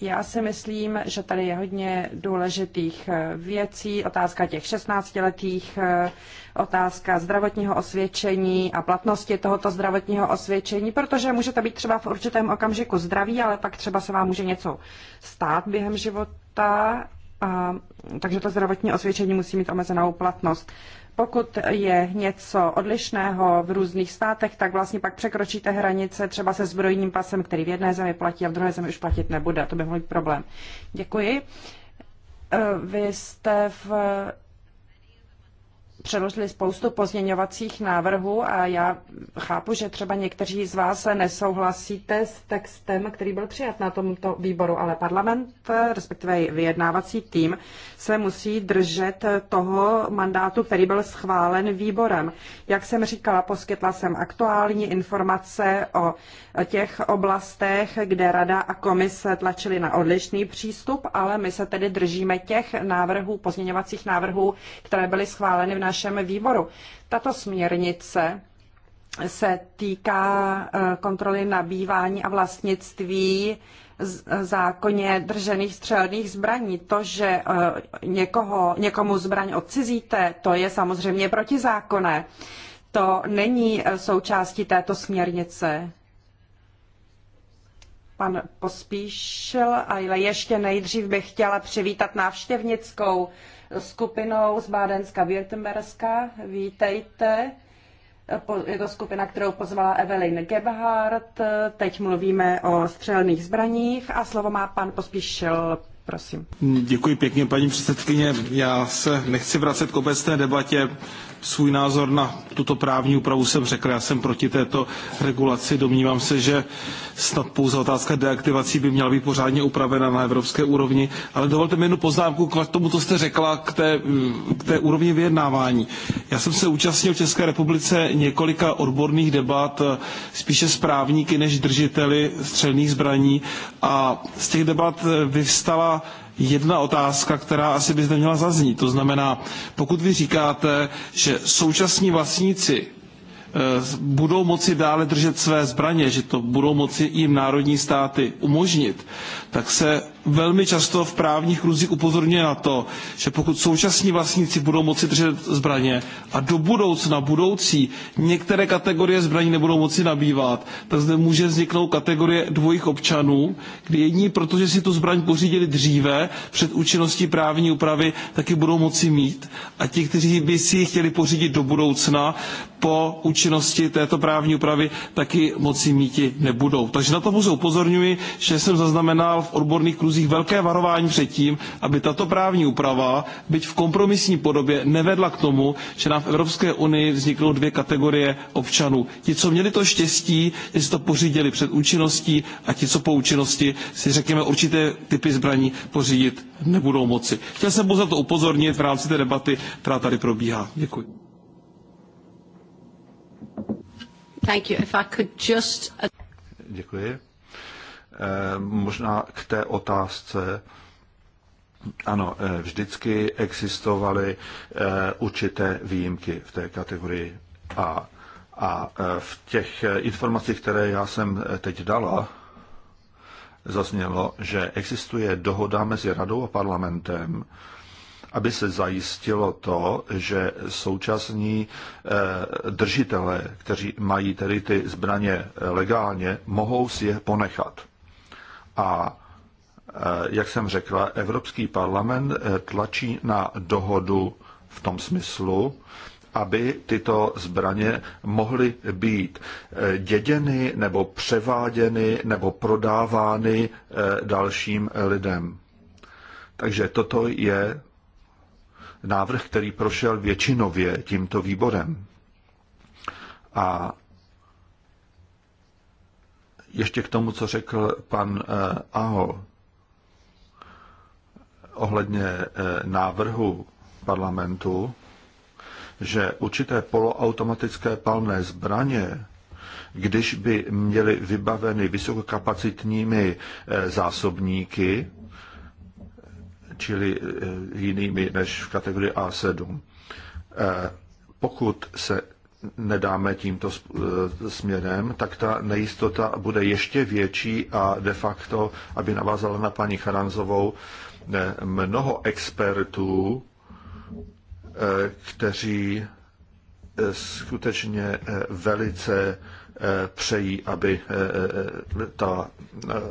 já si myslím, že tady je hodně důležitých eh, věcí. Otázka těch 16-letých, eh, otázka zdravotního osvědčení a platnosti tohoto zdravotního osvědčení, protože můžete být třeba v určitém okamžiku zdraví, ale pak třeba se vám může něco stát během života a, takže to zdravotní osvědčení musí mít omezenou platnost. Pokud je něco odlišného v různých státech, tak vlastně pak překročíte hranice třeba se zbrojním pasem, který v jedné zemi platí a v druhé zemi už platit nebude. To by mohl být problém. Děkuji. E, vy jste v předložili spoustu pozměňovacích návrhů a já chápu, že třeba někteří z vás nesouhlasíte s textem, který byl přijat na tomto výboru, ale parlament, respektive vyjednávací tým, se musí držet toho mandátu, který byl schválen výborem. Jak jsem říkala, poskytla jsem aktuální informace o těch oblastech, kde rada a komise tlačili na odlišný přístup, ale my se tedy držíme těch návrhů, pozměňovacích návrhů, které byly schváleny v naší našem výboru. Tato směrnice se týká eh, kontroly nabývání a vlastnictví zákonně držených střelných zbraní. To, že eh, někoho, někomu zbraň odcizíte, to je samozřejmě protizákonné. To není eh, součástí této směrnice. Pan Pospíšil, ale ještě nejdřív bych chtěla přivítat návštěvnickou skupinou z Bádenska Württemberska. Vítejte. Je to skupina, kterou pozvala Evelyn Gebhardt. Teď mluvíme o střelných zbraních a slovo má pan Pospíšil. Prosím. Děkuji pěkně, paní předsedkyně. Já se nechci vracet k obecné debatě Svůj názor na tuto právní úpravu jsem řekl, já jsem proti této regulaci. Domnívám se, že snad pouze otázka deaktivací by měla být pořádně upravena na evropské úrovni. Ale dovolte mi jednu poznámku k tomu, co jste řekla, k té, k té úrovni vyjednávání. Já jsem se účastnil v České republice několika odborných debat spíše s právníky než držiteli střelných zbraní a z těch debat vyvstala jedna otázka, která asi by zde měla zaznít. To znamená, pokud vy říkáte, že současní vlastníci eh, budou moci dále držet své zbraně, že to budou moci jim národní státy umožnit, tak se velmi často v právních kruzích upozorňuje na to, že pokud současní vlastníci budou moci držet zbraně a do budoucna budoucí některé kategorie zbraní nebudou moci nabývat, tak zde může vzniknout kategorie dvojích občanů, kdy jedni, protože si tu zbraň pořídili dříve před účinností právní úpravy, taky budou moci mít. A ti, kteří by si ji chtěli pořídit do budoucna, po účinnosti této právní úpravy taky moci míti nebudou. Takže na to pouze upozorňuji, že jsem zaznamenal v odborných kruzích kruzích velké varování před tím, aby tato právní úprava, byť v kompromisní podobě, nevedla k tomu, že nám v Evropské unii vzniknou dvě kategorie občanů. Ti, co měli to štěstí, že si to pořídili před účinností a ti, co po účinnosti si, řekněme, určité typy zbraní pořídit nebudou moci. Chtěl jsem pouze to upozornit v rámci té debaty, která tady probíhá. Děkuji. Thank you. If I could just... Děkuji Eh, možná k té otázce, ano, eh, vždycky existovaly eh, určité výjimky v té kategorii A. A v těch informacích, které já jsem teď dala, zaznělo, že existuje dohoda mezi radou a parlamentem, aby se zajistilo to, že současní držitelé, kteří mají tedy ty zbraně legálně, mohou si je ponechat. A eh, jak jsem řekla, Evropský parlament eh, tlačí na dohodu v tom smyslu, aby tyto zbraně mohly být eh, děděny nebo převáděny nebo prodávány dalším lidem. Takže toto je návrh, který prošel většinově tímto výborem. A ještě k tomu, co řekl pan eh, Aho ohledně eh, návrhu parlamentu, že určité poloautomatické palné zbraně, když by měly vybaveny vysokokapacitními eh, zásobníky, čili jinými než v kategorii A7, pokud se nedáme tímto eh, směrem, tak ta nejistota bude ještě větší a de facto, aby navázala na paní Charanzovou, eh, mnoho expertů, eh, kteří skutečně velice přejí, aby ta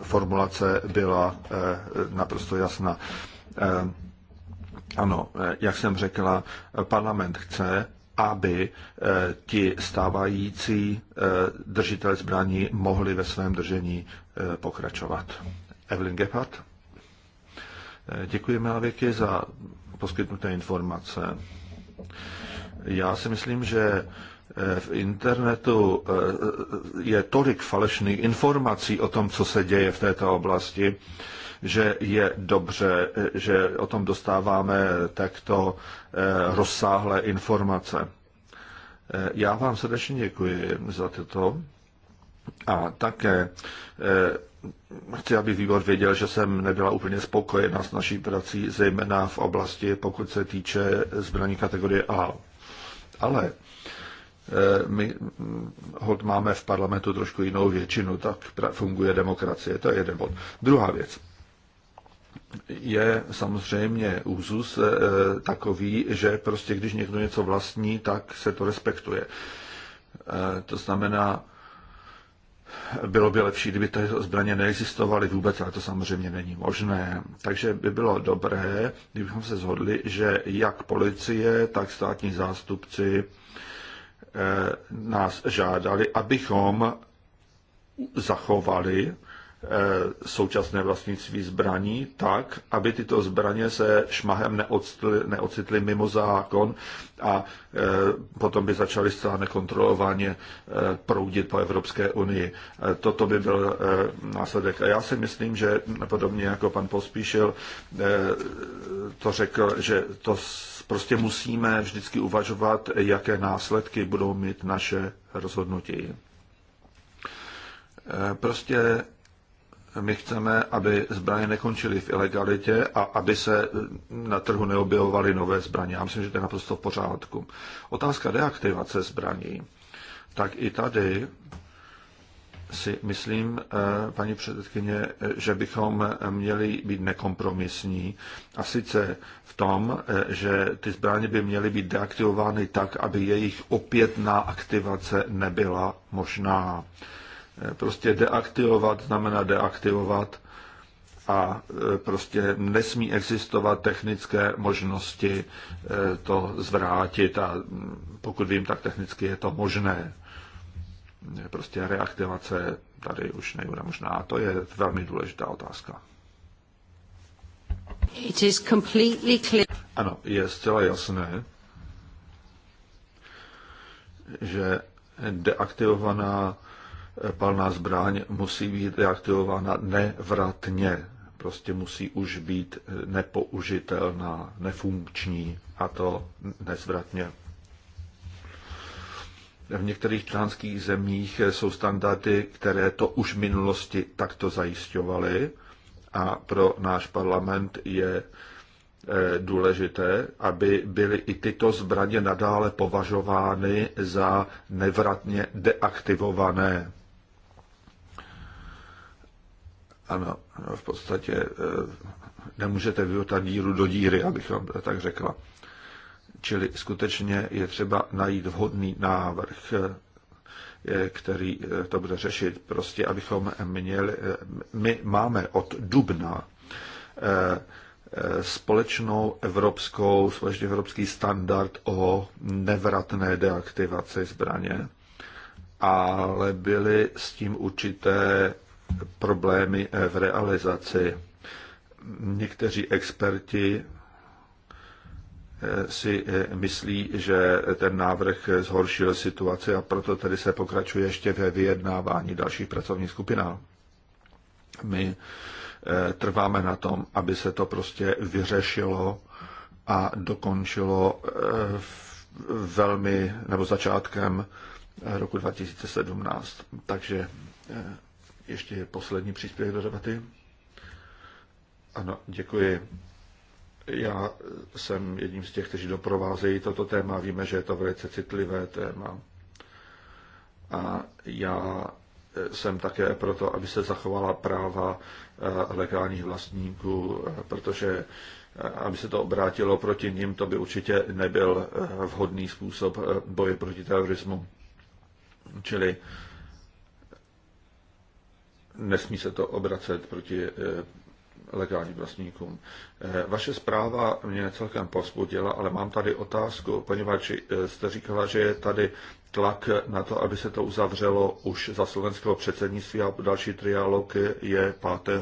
formulace byla naprosto jasná. Ano, jak jsem řekla, parlament chce, aby eh, ti stávající eh, držitelé zbraní mohli ve svém držení eh, pokračovat. Evelyn Gephardt. Děkujeme Avěky za poskytnuté informace. Já si myslím, že v internetu je tolik falešných informací o tom, co se děje v této oblasti, že je dobře, že o tom dostáváme takto eh, rozsáhlé informace. Eh, já vám srdečně děkuji za toto a také eh, chci, aby výbor věděl, že jsem nebyla úplně spokojená s naší prací, zejména v oblasti, pokud se týče zbraní kategorie A. Ale my hm, hod máme v parlamentu trošku jinou většinu, tak funguje demokracie. To je jeden bod. Druhá věc je samozřejmě úzus eh, takový, že prostě když někdo něco vlastní, tak se to respektuje. Eh, to znamená, bylo by lepší, kdyby ty zbraně neexistovaly vůbec, ale to samozřejmě není možné. Takže by bylo dobré, kdybychom se zhodli, že jak policie, tak státní zástupci eh, nás žádali, abychom zachovali Eh, současné vlastnictví zbraní tak, aby tyto zbraně se šmahem neocitly, neocitly mimo zákon a eh, potom by začaly zcela nekontrolovaně eh, proudit po Evropské unii. Toto by byl následek. A já si myslím, že podobně jako pan Pospíšil to řekl, že to prostě musíme vždycky uvažovat, jaké následky budou mít naše rozhodnutí. Prostě my chceme, aby zbraně nekončily v ilegalitě a aby se na trhu neobjevovaly nové zbraně. Já myslím, že to je naprosto v pořádku. Otázka deaktivace zbraní. Tak i tady si myslím, eh, paní předsedkyně, eh, že bychom měli být nekompromisní a sice v tom, eh, že ty zbraně by měly být deaktivovány tak, aby jejich opětná aktivace nebyla možná. Eh, prostě deaktivovat znamená deaktivovat a eh, prostě nesmí existovat technické možnosti eh, to zvrátit a hm, pokud vím, tak technicky je to možné. Prostě reaktivace tady už nebude možná. A to je velmi důležitá otázka. It is completely clear. Ano, je zcela jasné, že deaktivovaná palná zbraň musí být reaktivována nevratně. Prostě musí už být nepoužitelná, nefunkční a to nezvratně. V některých členských zemích jsou standardy, které to už v minulosti takto zajišťovaly a pro náš parlament je eh, důležité, aby byly i tyto zbraně nadále považovány za nevratně deaktivované. Ano, no, v podstatě eh, nemůžete vyvotat díru do díry, abych vám tak řekla. Čili skutečně je třeba najít vhodný návrh, eh, který eh, to bude řešit. Prostě, abychom měli, my máme od dubna společnou evropskou, společně evropský standard o nevratné deaktivaci zbraně, ale byly s tím určité problémy v realizaci. Někteří experti eh, si eh, myslí, že ten návrh zhoršil situaci a proto tedy se pokračuje ještě ve vyjednávání dalších pracovních skupinách. My eh, trváme na tom, aby se to prostě vyřešilo a dokončilo velmi, nebo začátkem roku 2017. Takže ještě poslední příspěvek do debaty. Ano, děkuji. Já jsem jedním z těch, kteří doprovázejí toto téma. Víme, že je to velice citlivé téma. A já jsem také proto, aby se zachovala práva eh, legálních vlastníků, eh, protože eh, aby se to obrátilo proti ním, to by určitě nebyl vhodný způsob boje proti terorismu. Čili nesmí se to obracet proti eh, legálním vlastníkům. Eh, vaše zpráva mě celkem posbudila, ale mám tady otázku, poněvadž eh, jste říkala, že je tady tlak na to, aby se to uzavřelo už za slovenského předsednictví a další trialog je 5.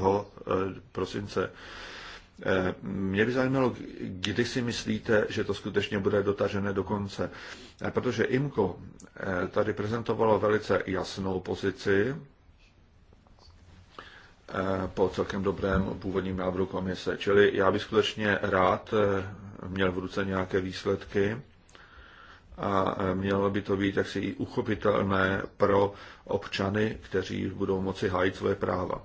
prosince. Mě by zajímalo, kdy si myslíte, že to skutečně bude dotažené do konce. Protože IMCO tady prezentovalo velice jasnou pozici, Eh, po celkem dobrém původním návrhu komise. Čili já bych skutečně rád eh, měl v ruce nějaké výsledky a eh, mělo by to být jaksi i uchopitelné pro občany, kteří budou moci hájit svoje práva.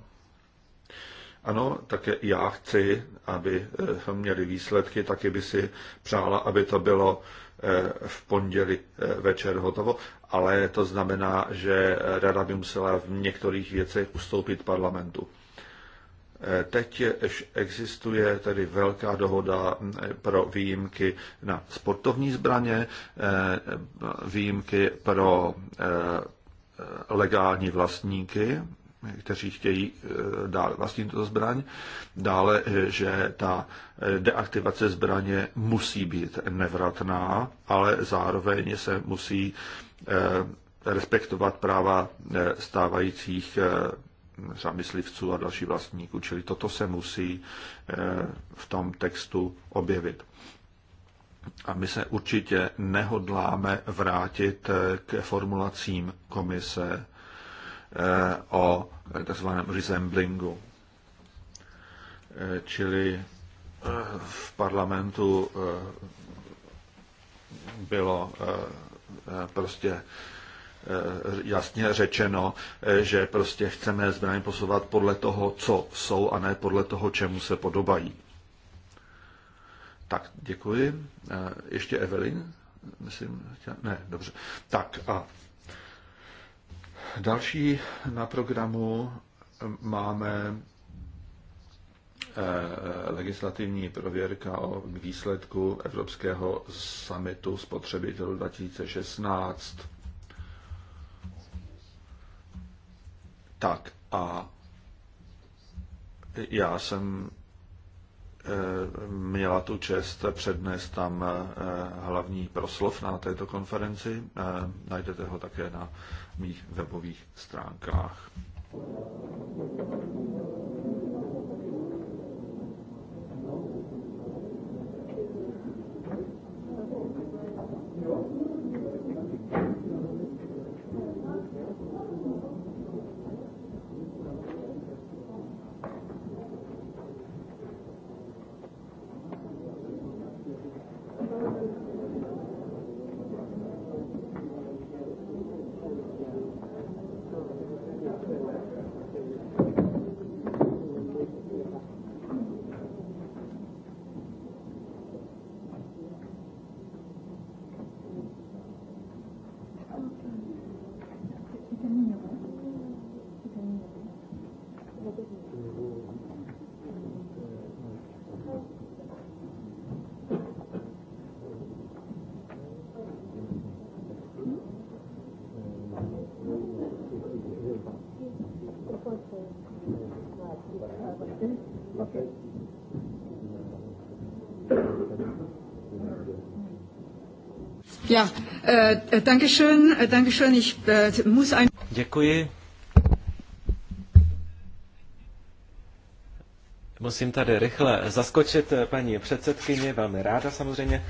Ano, také já chci, aby měli výsledky, taky by si přála, aby to bylo v pondělí večer hotovo, ale to znamená, že rada by musela v některých věcech ustoupit parlamentu. Eh, teď existuje tedy velká dohoda eh, pro výjimky na sportovní zbraně, eh, výjimky pro legální vlastníky kteří chtějí eh, dál vlastní tuto zbraň. Dále, eh, že ta eh, deaktivace zbraně musí být nevratná, ale zároveň se musí respektovat práva stávajících zamyslivců a dalších vlastníků. Čili toto se musí v tom textu objevit. A my se určitě nehodláme vrátit k formulacím komise, Eh, o takzvaném resemblingu. Eh, čili eh, v parlamentu bylo prostě jasně řečeno, že prostě chceme zbraně posouvat podle toho, co jsou a ne podle toho, čemu se podobají. Tak, děkuji. Ještě Evelyn, myslím, ne, dobře. Tak a Další na programu máme eh, legislativní prověrka o výsledku Evropského summitu spotřebitelů 2016. Tak a já jsem eh, měla tu čest přednést tam eh, hlavní proslov na této konferenci. Najdete ho také na mých webových stránkách. Thank you. Ja, äh, danke schön, äh, danke schön. Ich äh, muss ein... Děkuji. Musím tady rychle zaskočit eh, paní předsedkyně, velmi ráda samozřejmě.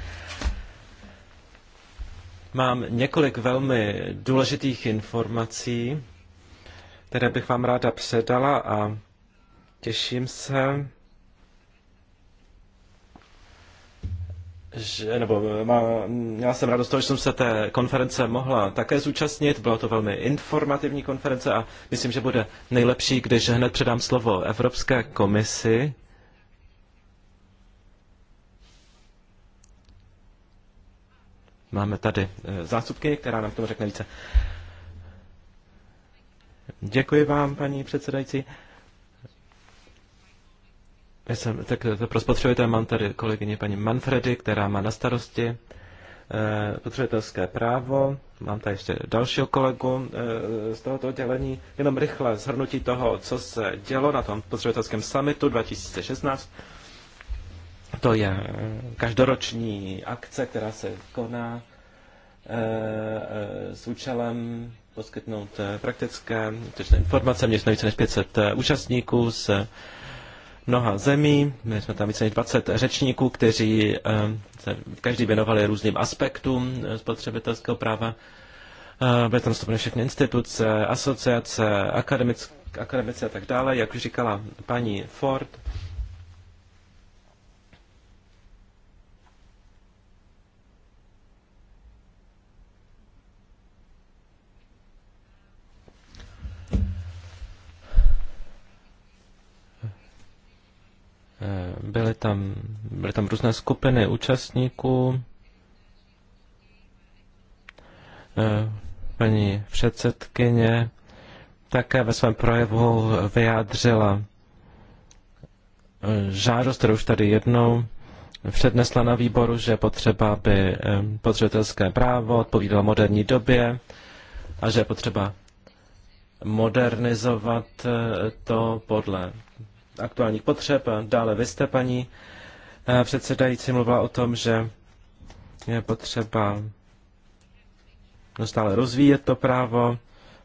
Mám několik velmi důležitých informací, které bych vám ráda předala a těším se že, nebo eh, má, měla jsem radost toho, že jsem se té konference mohla také zúčastnit. Byla to velmi informativní konference a myslím, že bude nejlepší, když hned předám slovo Evropské komisi. Máme tady eh, zástupky, která nám k tomu řekne více. Děkuji vám, paní předsedající. Uh, jsem, tak eh, to prospotřebujete, mám tady kolegyně paní Manfredy, která má na starosti eh, potřebitelské právo. Mám tady ještě dalšího kolegu eh, z tohoto oddělení. Jenom rychle zhrnutí toho, co se dělo na tom potřebitelském summitu 2016. To je eh, každoroční akce, která se koná eh, eh s účelem poskytnout praktické informace. Měli jsme více než 500 účastníků z eh, mnoha zemí. My jsme tam více než 20 řečníků, kteří eh, se každý věnovali různým aspektům eh, spotřebitelského práva. Eh, byly tam stupně všechny instituce, asociace, akademické akademici a tak dále, jak už říkala paní Ford, byly tam, byly tam různé skupiny účastníků. Eh, paní předsedkyně také ve svém projevu vyjádřila eh, žádost, kterou už tady jednou přednesla na výboru, že potřeba by eh, potřebitelské právo odpovídalo moderní době a že je potřeba modernizovat to podle aktuálních potřeb. Dále vy jste, paní eh, předsedající, mluvila o tom, že je potřeba stále rozvíjet to právo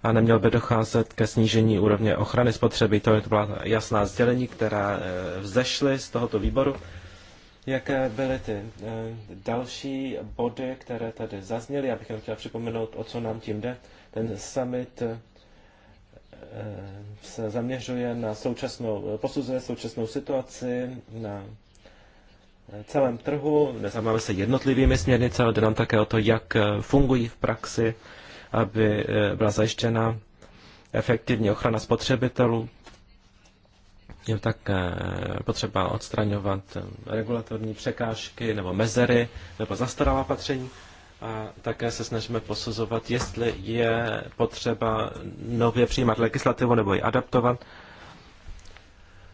a neměl by docházet ke snížení úrovně ochrany spotřeby. To, je, to byla jasná sdělení, která eh, vzešly z tohoto výboru. Jaké byly ty eh, další body, které tady zazněly? Já bych jen chtěl připomenout, o co nám tím jde. Ten summit se zaměřuje na současnou, posuzuje současnou situaci na celém trhu, nezabýváme se jednotlivými směrnice, ale jde nám také o to, jak fungují v praxi, aby eh, byla zajištěna efektivní ochrana spotřebitelů. Je tak eh, potřeba odstraňovat eh, regulatorní překážky nebo mezery nebo zastaralá patření. A také se snažíme posuzovat, jestli je potřeba nově přijímat legislativu nebo ji adaptovat.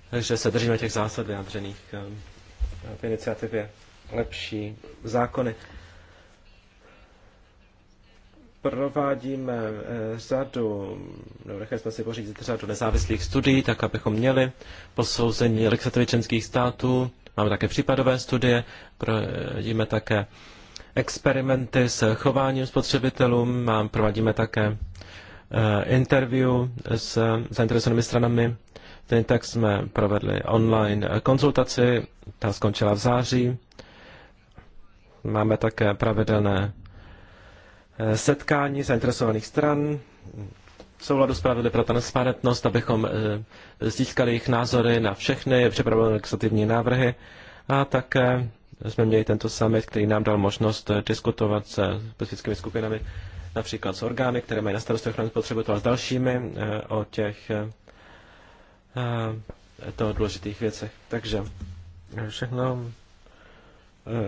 Takže se držíme těch zásad vyjádřených eh, v iniciativě lepší zákony. Provádíme eh, řadu, nebo nechali jsme si pořídit řadu nezávislých studií, tak abychom měli posouzení legislativy členských států. Máme také případové studie, provádíme také experimenty s chováním spotřebitelů, Mám, provádíme také eh, interview s zainteresovanými stranami. Ten text jsme provedli online konzultaci, ta skončila v září. Máme také pravidelné eh, setkání zainteresovaných stran v souladu s pravidly pro transparentnost, abychom eh, získali jejich názory na všechny připravené legislativní návrhy a také jsme měli tento summit, který nám dal možnost eh, diskutovat se specifickými skupinami, například s orgány, které mají na starosti ochranu spotřebitelů a s dalšími eh, o těch eh, to důležitých věcech. Takže všechno,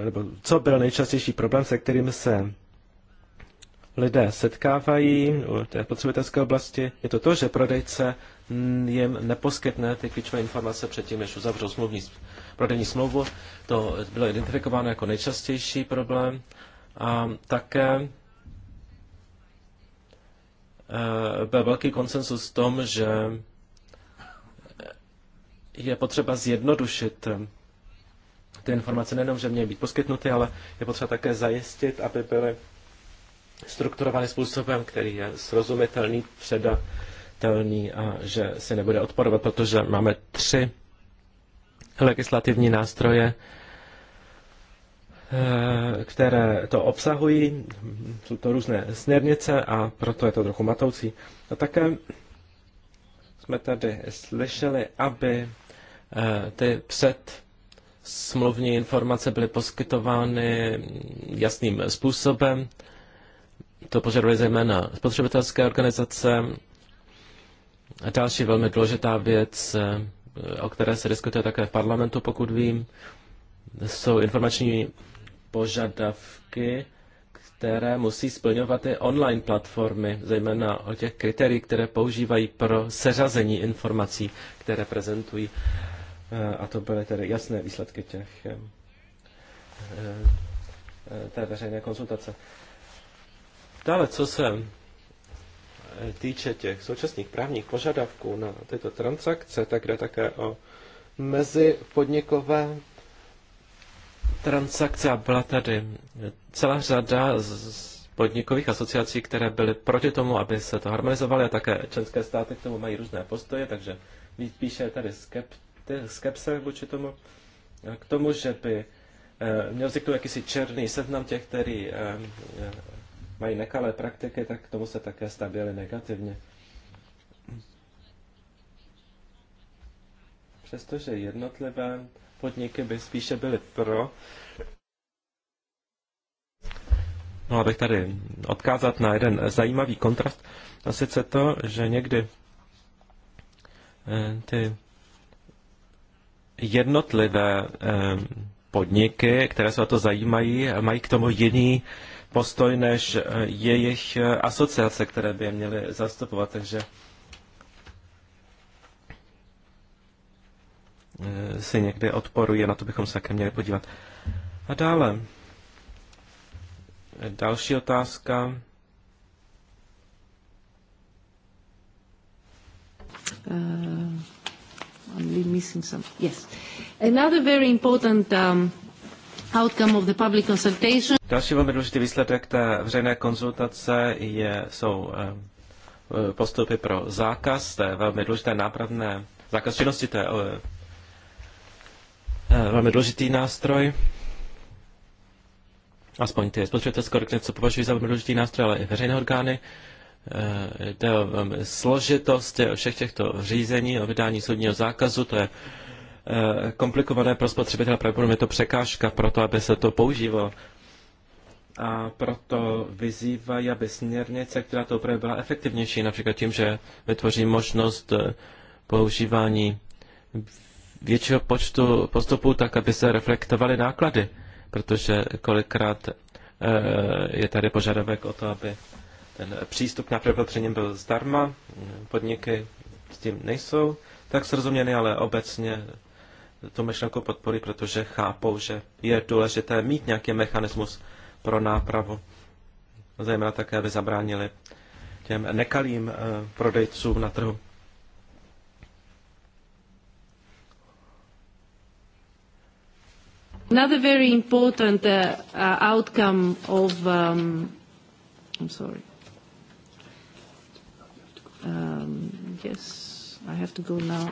nebo co byl nejčastější problém, se kterým se lidé setkávají u té potřebitelské oblasti, je to to, že prodejce jim neposkytne ty klíčové informace předtím, než uzavřou smluvní prodejní smlouvu. To bylo identifikováno jako nejčastější problém. A také eh, byl velký konsensus v tom, že je potřeba zjednodušit eh, ty informace nejenom, že měly být poskytnuty, ale je potřeba také zajistit, aby byly strukturovaný způsobem, který je srozumitelný, předatelný a že se nebude odporovat, protože máme tři legislativní nástroje, eh, které to obsahují. Jsou to různé směrnice a proto je to trochu matoucí. A také jsme tady slyšeli, aby eh, ty před smluvní informace byly poskytovány jasným způsobem. To požaduje zejména spotřebitelské organizace. A další velmi důležitá věc eh, o které se diskutuje také v parlamentu, pokud vím, jsou informační požadavky, které musí splňovat i online platformy, zejména o těch kritérií, které používají pro seřazení informací, které prezentují. Eh, a to byly tedy jasné výsledky těch, eh, eh, té veřejné konzultace. Dále, co se týče těch současných právních požadavků na tyto transakce, tak jde také o mezipodnikové transakce a byla tady celá řada z podnikových asociací, které byly proti tomu, aby se to harmonizovaly a také členské státy k tomu mají různé postoje, takže píše tady skepti, skepse vůči tomu, k tomu, že by eh, měl vzniknout jakýsi černý seznam těch, který eh, eh, mají nekalé praktiky, tak k tomu se také stavěli negativně. Přestože jednotlivé podniky by spíše byly pro, No, abych tady odkázat na jeden zajímavý kontrast, a sice to, že někdy eh, ty jednotlivé eh, podniky, které se o to zajímají, mají k tomu jiný postoj než eh, jejich eh, asociace, které by je měly zastupovat. Takže eh, si někdy odporuje. na to bychom se také měli podívat. A dále. Další otázka. Uh, I'm missing some. Yes. Another very important um, outcome of the public consultation. Další velmi důležitý výsledek té veřejné konzultace je, jsou eh, eh, postupy pro zákaz té velmi důležité nápravné zákaz činnosti, to je eh, velmi důležitý nástroj. Aspoň ty spotřebitelské organizace považují za velmi důležitý nástroj, ale i veřejné orgány. Jde o složitost všech těchto řízení, o vydání soudního zákazu, to je Eh, komplikované pro spotřebitele, pravděpodobně je to překážka pro to, aby se to používalo. A proto vyzývají, aby směrnice, která to opravdu byla efektivnější, například tím, že vytvoří možnost eh, používání většího počtu postupů, tak aby se reflektovaly náklady, protože kolikrát eh, je tady požadavek o to, aby ten přístup na prepatřením byl zdarma, podniky s tím nejsou tak srozuměny, ale obecně tu myšlenku podpory, protože chápou, že je důležité mít nějaký mechanismus pro nápravu. Zajímavé také, aby zabránili těm nekalým eh, prodejcům na trhu. Another very important uh, uh, outcome of, um, I'm sorry, um, yes, I have to go now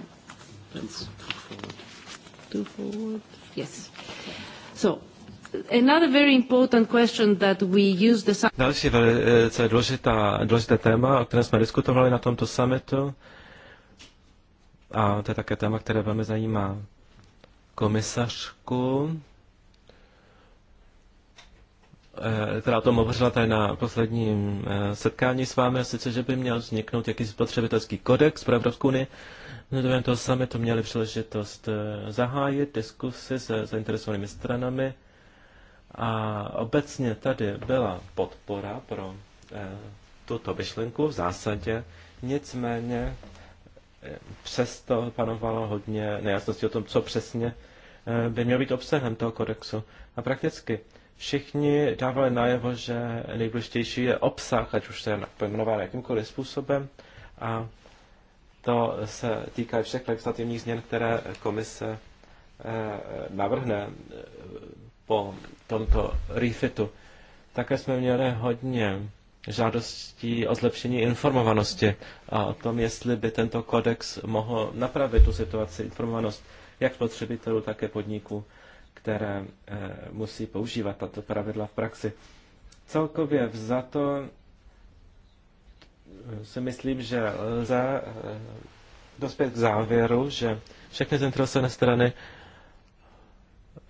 two forward. Yes. So, another very important question that we use the... Další velice důležitá, důležité téma, o kterém jsme diskutovali na tomto summitu, a to je také téma, které velmi zajímá komisařku, eh, která o tom hovořila tady na posledním eh, setkání s vámi, sice, že by měl vzniknout jakýsi spotřebitelský kodex pro Evropskou unii, to toho to měli příležitost eh, zahájit diskusy se zainteresovanými stranami a obecně tady byla podpora pro eh, tuto myšlenku v zásadě, nicméně eh, přesto panovalo hodně nejasnosti o tom, co přesně eh, by mělo být obsahem toho kodexu. A prakticky všichni dávali najevo, že nejdůležitější je obsah, ať už se je pojmenován jakýmkoliv způsobem, a to se týká všech legislativních změn, které komise eh, navrhne eh, po tomto refitu. Také jsme měli hodně žádostí o zlepšení informovanosti a o tom, jestli by tento kodex mohl napravit tu situaci, informovanost jak spotřebitelů, tak i podniků, které eh, musí používat tato pravidla v praxi. Celkově vzato si myslím, že lze eh, dospět k závěru, že všechny zainteresované strany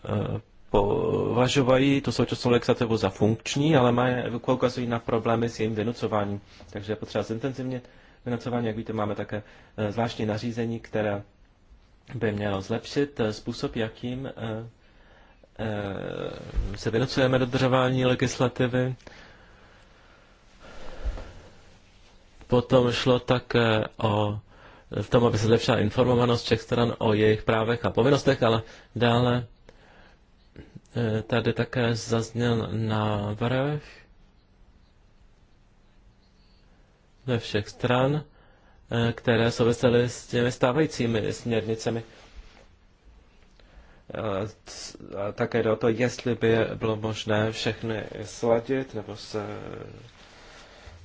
eh, považovají tu současnou legislativu za funkční, ale mají, ukazují na problémy s jejím vynucováním. Takže je potřeba zintenzivně vynucování. Jak víte, máme také eh, zvláštní nařízení, které by mělo zlepšit způsob, jakým se vynucujeme dodržování legislativy. Potom šlo také o v tom, aby se zlepšila informovanost všech stran o jejich právech a povinnostech, ale dále eh, tady také zazněl návrh ve všech stran, eh, které souvisely s těmi stávajícími směrnicemi. A také do toho, jestli by bylo možné všechny sladit nebo se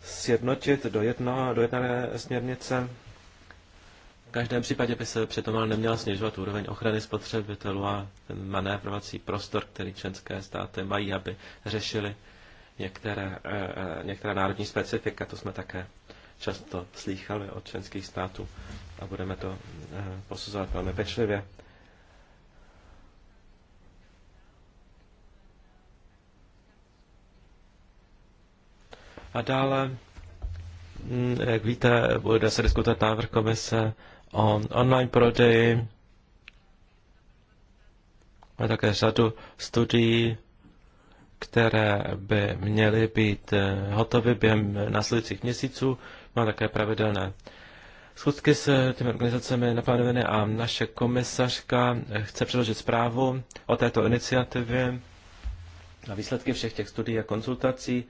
sjednotit do, jedno, do jedné směrnice. V každém případě by se přitom ale neměla snižovat úroveň ochrany spotřebitelů a ten manévrovací prostor, který členské státy mají, aby řešili některé, eh, eh, některé národní specifika. To jsme také často slýchali od členských států a budeme to eh, posuzovat velmi pečlivě. A dále, mm, jak víte, bude se diskutovat návrh komise o online prodeji. a také řadu studií, které by měly být eh, hotovy během následujících měsíců. má také pravidelné schůzky s těmi organizacemi naplánované a naše komisařka chce předložit zprávu o této iniciativě a výsledky všech těch studií a konzultací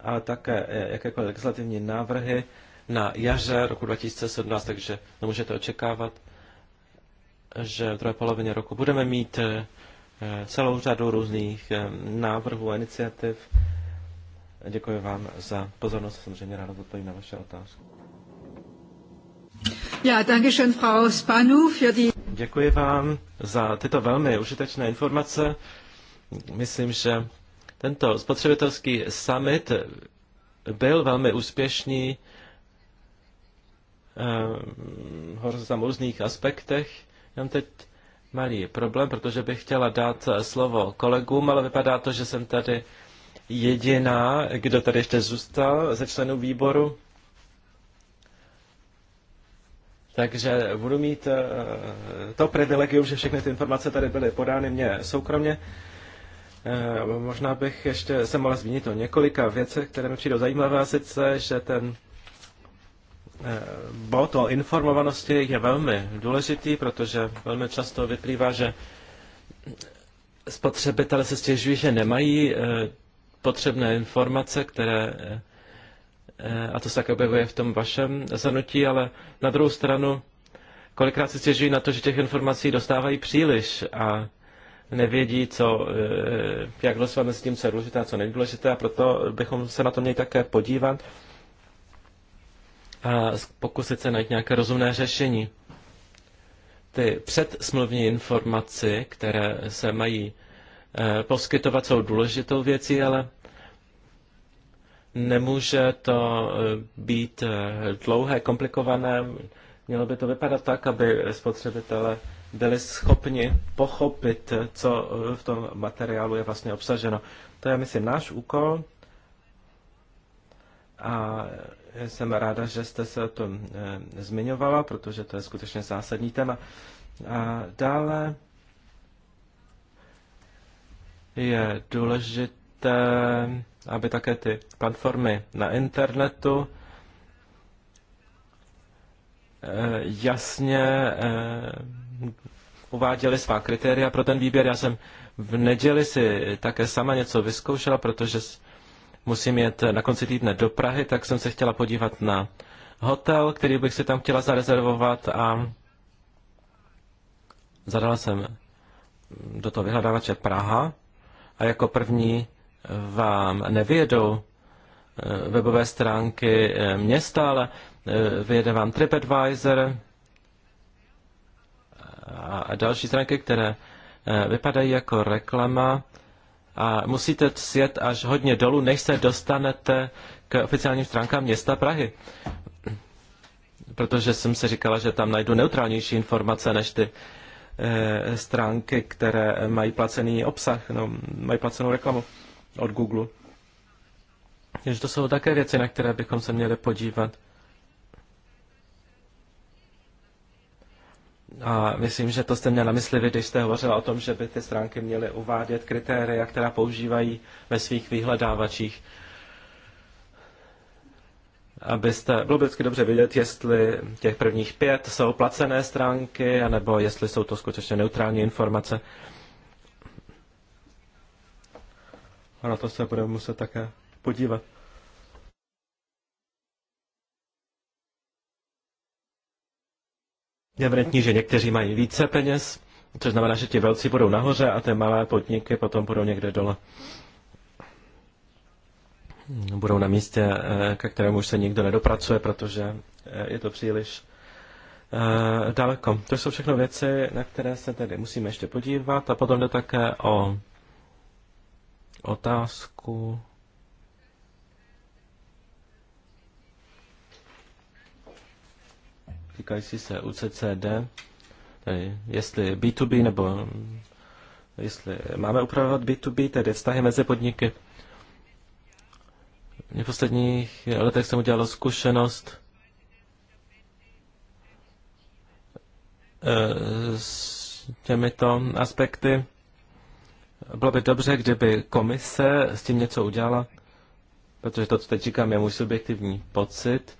a také eh, jakékoliv legislativní návrhy na jaře roku 2017, takže nemůžete očekávat, že v druhé polovině roku budeme mít eh, celou řadu různých eh, návrhů a iniciativ. Děkuji vám za pozornost. Samozřejmě ráno odpovím na vaše otázky. Ja, danke schön, Frau Spanu, für die... Děkuji vám za tyto velmi užitečné informace. Myslím, že tento spotřebitelský summit byl velmi úspěšný, eh, hovořil jsem o různých aspektech. Já mám teď malý problém, protože bych chtěla dát slovo kolegům, ale vypadá to, že jsem tady jediná, kdo tady ještě zůstal ze členů výboru. Takže budu mít eh, to privilegium, že všechny ty informace tady byly podány mě soukromně. Eh, možná bych ještě se mohl zmínit o několika věcech, které mi přijdou zajímavé, a sice, že ten eh, bod o informovanosti je velmi důležitý, protože velmi často vyplývá, že spotřebitelé se stěžují, že nemají eh, potřebné informace, které, a to se také objevuje v tom vašem zanutí, ale na druhou stranu, kolikrát se stěžují na to, že těch informací dostávají příliš a nevědí, co, e, jak hlasovat mezi tím, co je důležité a co není důležité, a proto bychom se na to měli také podívat a pokusit se najít nějaké rozumné řešení. Ty předsmluvní informace, které se mají e, poskytovat, jsou důležitou věcí, ale nemůže to e, být dlouhé, komplikované. Mělo by to vypadat tak, aby spotřebitele byli schopni pochopit, co eh, v tom materiálu je vlastně obsaženo. To je, myslím, náš úkol a eh, jsem ráda, že jste se o tom eh, zmiňovala, protože to je skutečně zásadní téma. A dále je důležité, aby také ty platformy na internetu jasně uváděli svá kritéria pro ten výběr. Já jsem v neděli si také sama něco vyzkoušela, protože musím jet na konci týdne do Prahy, tak jsem se chtěla podívat na hotel, který bych si tam chtěla zarezervovat a zadala jsem do toho vyhledávače Praha a jako první vám nevědou eh, webové stránky eh, města, ale eh, vyjede vám TripAdvisor, a další stránky, které eh, vypadají jako reklama a musíte sjet až hodně dolů, než se dostanete k oficiálním stránkám města Prahy. Protože jsem si říkala, že tam najdu neutrálnější informace než ty e, stránky, které mají placený obsah, no, mají placenou reklamu od Google. Takže to jsou také věci, na které bychom se měli podívat. A myslím, že to jste měl na mysli když jste hovořil o tom, že by ty stránky měly uvádět kritéria, která používají ve svých vyhledávačích. Abyste, bylo by vždycky dobře vidět, jestli těch prvních pět jsou placené stránky, anebo jestli jsou to skutečně neutrální informace. A na to se budeme muset také podívat. Je evidentní, že někteří mají více peněz, což znamená, že ti velcí budou nahoře a ty malé podniky potom budou někde dole. Budou na místě, eh, ke kterému už se nikdo nedopracuje, protože eh, je to příliš eh, daleko. To jsou všechno věci, na které se tedy musíme ještě podívat a potom jde také o otázku týkající se UCCD, tedy jestli B2B nebo jestli máme upravovat B2B, tedy vztahy mezi podniky. V posledních letech jsem udělal zkušenost eh, s těmito aspekty. Bylo by dobře, kdyby komise s tím něco udělala, protože to, co teď říkám, je můj subjektivní pocit.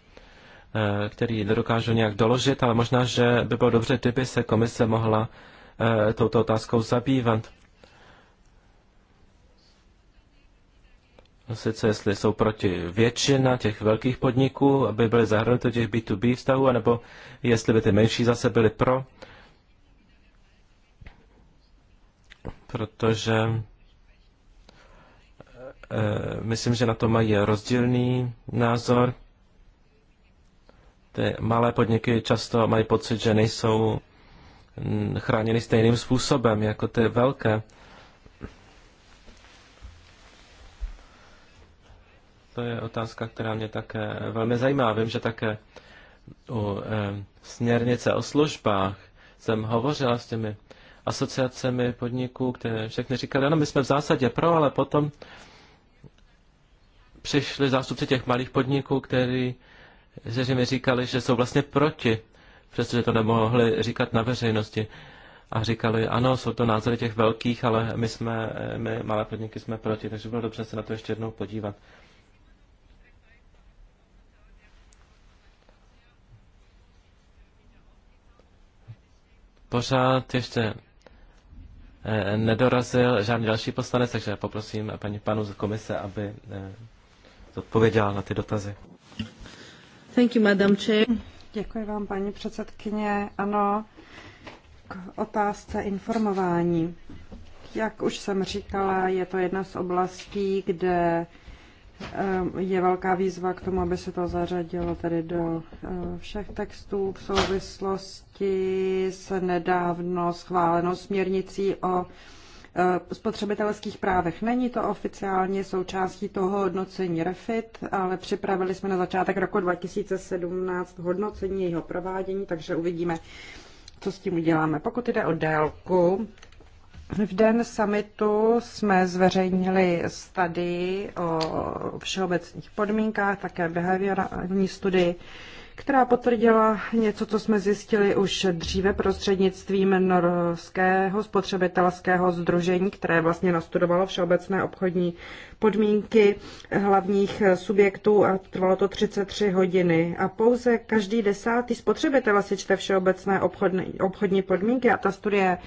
Eh, který nedokážu nějak doložit, ale možná, že by bylo dobře, kdyby se komise mohla eh, touto otázkou zabývat. Sice jestli jsou proti většina těch velkých podniků, aby byly zahrnuty do těch B2B vztahů, anebo jestli by ty menší zase byly pro, protože eh, myslím, že na to mají rozdílný názor. Ty malé podniky často mají pocit, že nejsou chráněny stejným způsobem jako ty velké. To je otázka, která mě také velmi zajímá. Vím, že také u e, směrnice o službách jsem hovořila s těmi asociacemi podniků, které všechny říkali, ano, my jsme v zásadě pro, ale potom přišli zástupci těch malých podniků, který kteří mi říkali, že jsou vlastně proti, přestože to nemohli říkat na veřejnosti. A říkali, ano, jsou to názory těch velkých, ale my jsme, my malé podniky jsme proti, takže bylo dobře se na to ještě jednou podívat. Pořád ještě eh, nedorazil žádný další poslanec, takže poprosím paní panu z komise, aby eh, odpověděla na ty dotazy. Thank you, Madam Chair. Děkuji vám, paní předsedkyně. Ano, k otázce informování. Jak už jsem říkala, je to jedna z oblastí, kde eh, je velká výzva k tomu, aby se to zařadilo tedy do eh, všech textů v souvislosti s nedávno schválenou směrnicí o Eh, spotřebitelských právech. Není to oficiálně součástí toho hodnocení REFIT, ale připravili jsme na začátek roku 2017 hodnocení jeho provádění, takže uvidíme, co s tím uděláme. Pokud jde o délku, v den summitu jsme zveřejnili studii o všeobecných podmínkách, také behaviorální studii která potvrdila něco, co jsme zjistili už dříve prostřednictvím norského spotřebitelského združení, které vlastně nastudovalo všeobecné obchodní podmínky hlavních subjektů a trvalo to 33 hodiny. A pouze každý desátý spotřebitel si čte všeobecné obchodní, obchodní podmínky a ta studie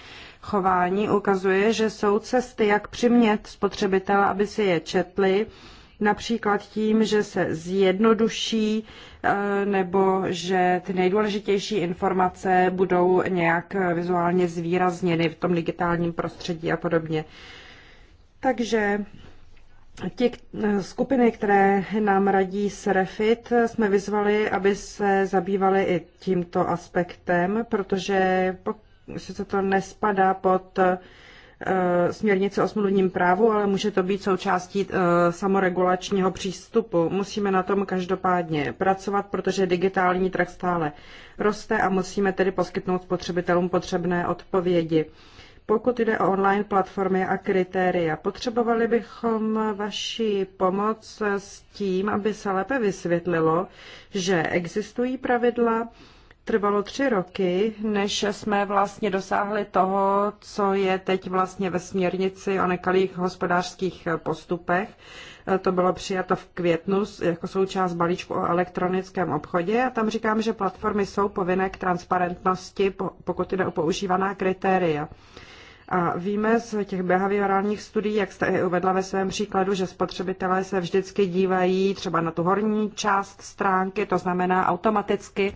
chování ukazuje, že jsou cesty, jak přimět spotřebitele, aby si je četli, například tím, že se zjednoduší eh, nebo že ty nejdůležitější informace budou nějak vizuálně zvýrazněny v tom digitálním prostředí a podobně. Takže ty eh, skupiny, které nám radí s Refit, jsme vyzvali, aby se zabývaly i tímto aspektem, protože sice to nespadá pod eh, Eh, směrnice o smluvním právu, ale může to být součástí eh, samoregulačního přístupu. Musíme na tom každopádně pracovat, protože digitální trh stále roste a musíme tedy poskytnout spotřebitelům potřebné odpovědi. Pokud jde o online platformy a kritéria, potřebovali bychom vaši pomoc s tím, aby se lépe vysvětlilo, že existují pravidla, Trvalo tři roky, než jsme vlastně dosáhli toho, co je teď vlastně ve směrnici o nekalých hospodářských postupech. E, to bylo přijato v květnu jako součást balíčku o elektronickém obchodě a tam říkám, že platformy jsou povinné k transparentnosti, pokud jde o používaná kritéria. A víme z těch behaviorálních studií, jak jste i uvedla ve svém příkladu, že spotřebitelé se vždycky dívají třeba na tu horní část stránky, to znamená automaticky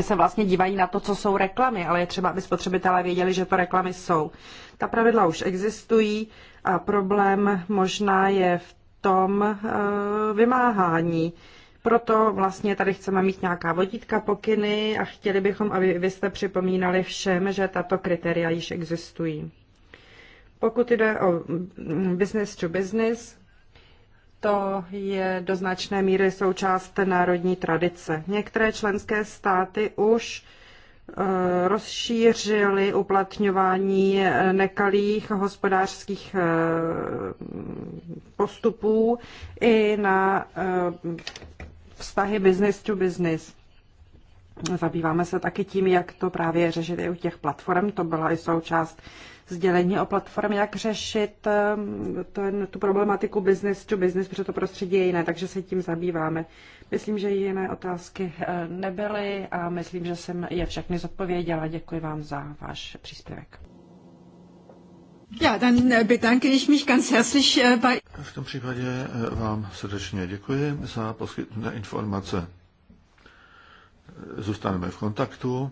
se vlastně dívají na to, co jsou reklamy, ale je třeba, aby spotřebitelé věděli, že to reklamy jsou. Ta pravidla už existují a problém možná je v tom eh, vymáhání. Proto vlastně tady chceme mít nějaká vodítka, pokyny a chtěli bychom, aby vy jste připomínali všem, že tato kritéria již existují. Pokud jde o business to business, to je do značné míry součást národní tradice. Některé členské státy už eh, rozšířili uplatňování nekalých hospodářských eh, postupů i na eh, vztahy business to business. Zabýváme se taky tím, jak to právě řešit i u těch platform. To byla i součást sdělení o platformě, jak řešit eh, ten, tu problematiku business to business, protože to prostředí je jiné, takže se tím zabýváme. Myslím, že jiné otázky eh, nebyly a myslím, že jsem je všechny zodpověděla. Děkuji vám za váš příspěvek. Ja, dann eh, bedanke ich mich ganz herzlich bei... V tom případě vám srdečně děkuji za poskytnuté informace. Zůstaneme v kontaktu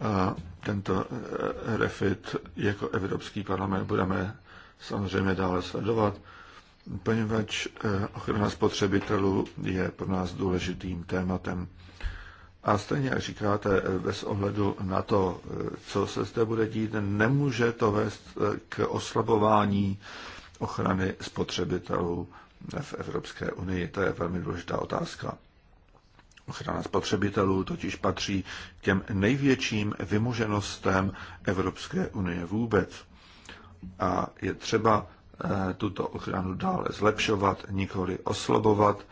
a tento eh, refit jako Evropský parlament budeme samozřejmě dále sledovat, poněvadž eh, ochrana spotřebitelů je pro nás důležitým tématem. A stejně, jak říkáte, bez ohledu na to, eh, co se zde bude dít, nemůže to vést k oslabování ochrany spotřebitelů v Evropské unii. To je velmi důležitá otázka. Ochrana spotřebitelů totiž patří k těm největším vymoženostem Evropské unie vůbec. A je třeba eh, tuto ochranu dále zlepšovat, nikoli oslabovat.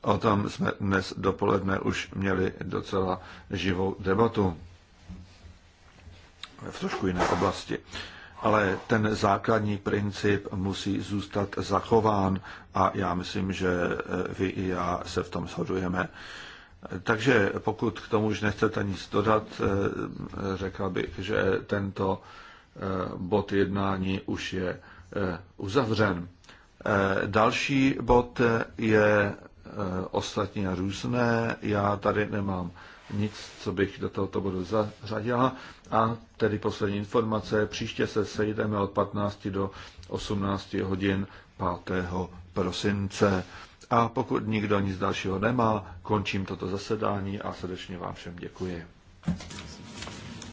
O tom jsme dnes dopoledne už měli docela živou debatu v trošku jiné oblasti. Ale ten základní princip musí zůstat zachován a já myslím, že eh, vy i já se v tom shodujeme. Takže pokud k tomu už nechcete nic dodat, eh, eh, řekl bych, že tento eh, bod jednání už je uzavřen. Další bod je ostatní a různé. Já tady nemám nic, co bych do tohoto bodu zařadila. A tedy poslední informace. Příště se sejdeme od 15 do 18 hodin 5. prosince. A pokud nikdo nic dalšího nemá, končím toto zasedání a srdečně vám všem děkuji.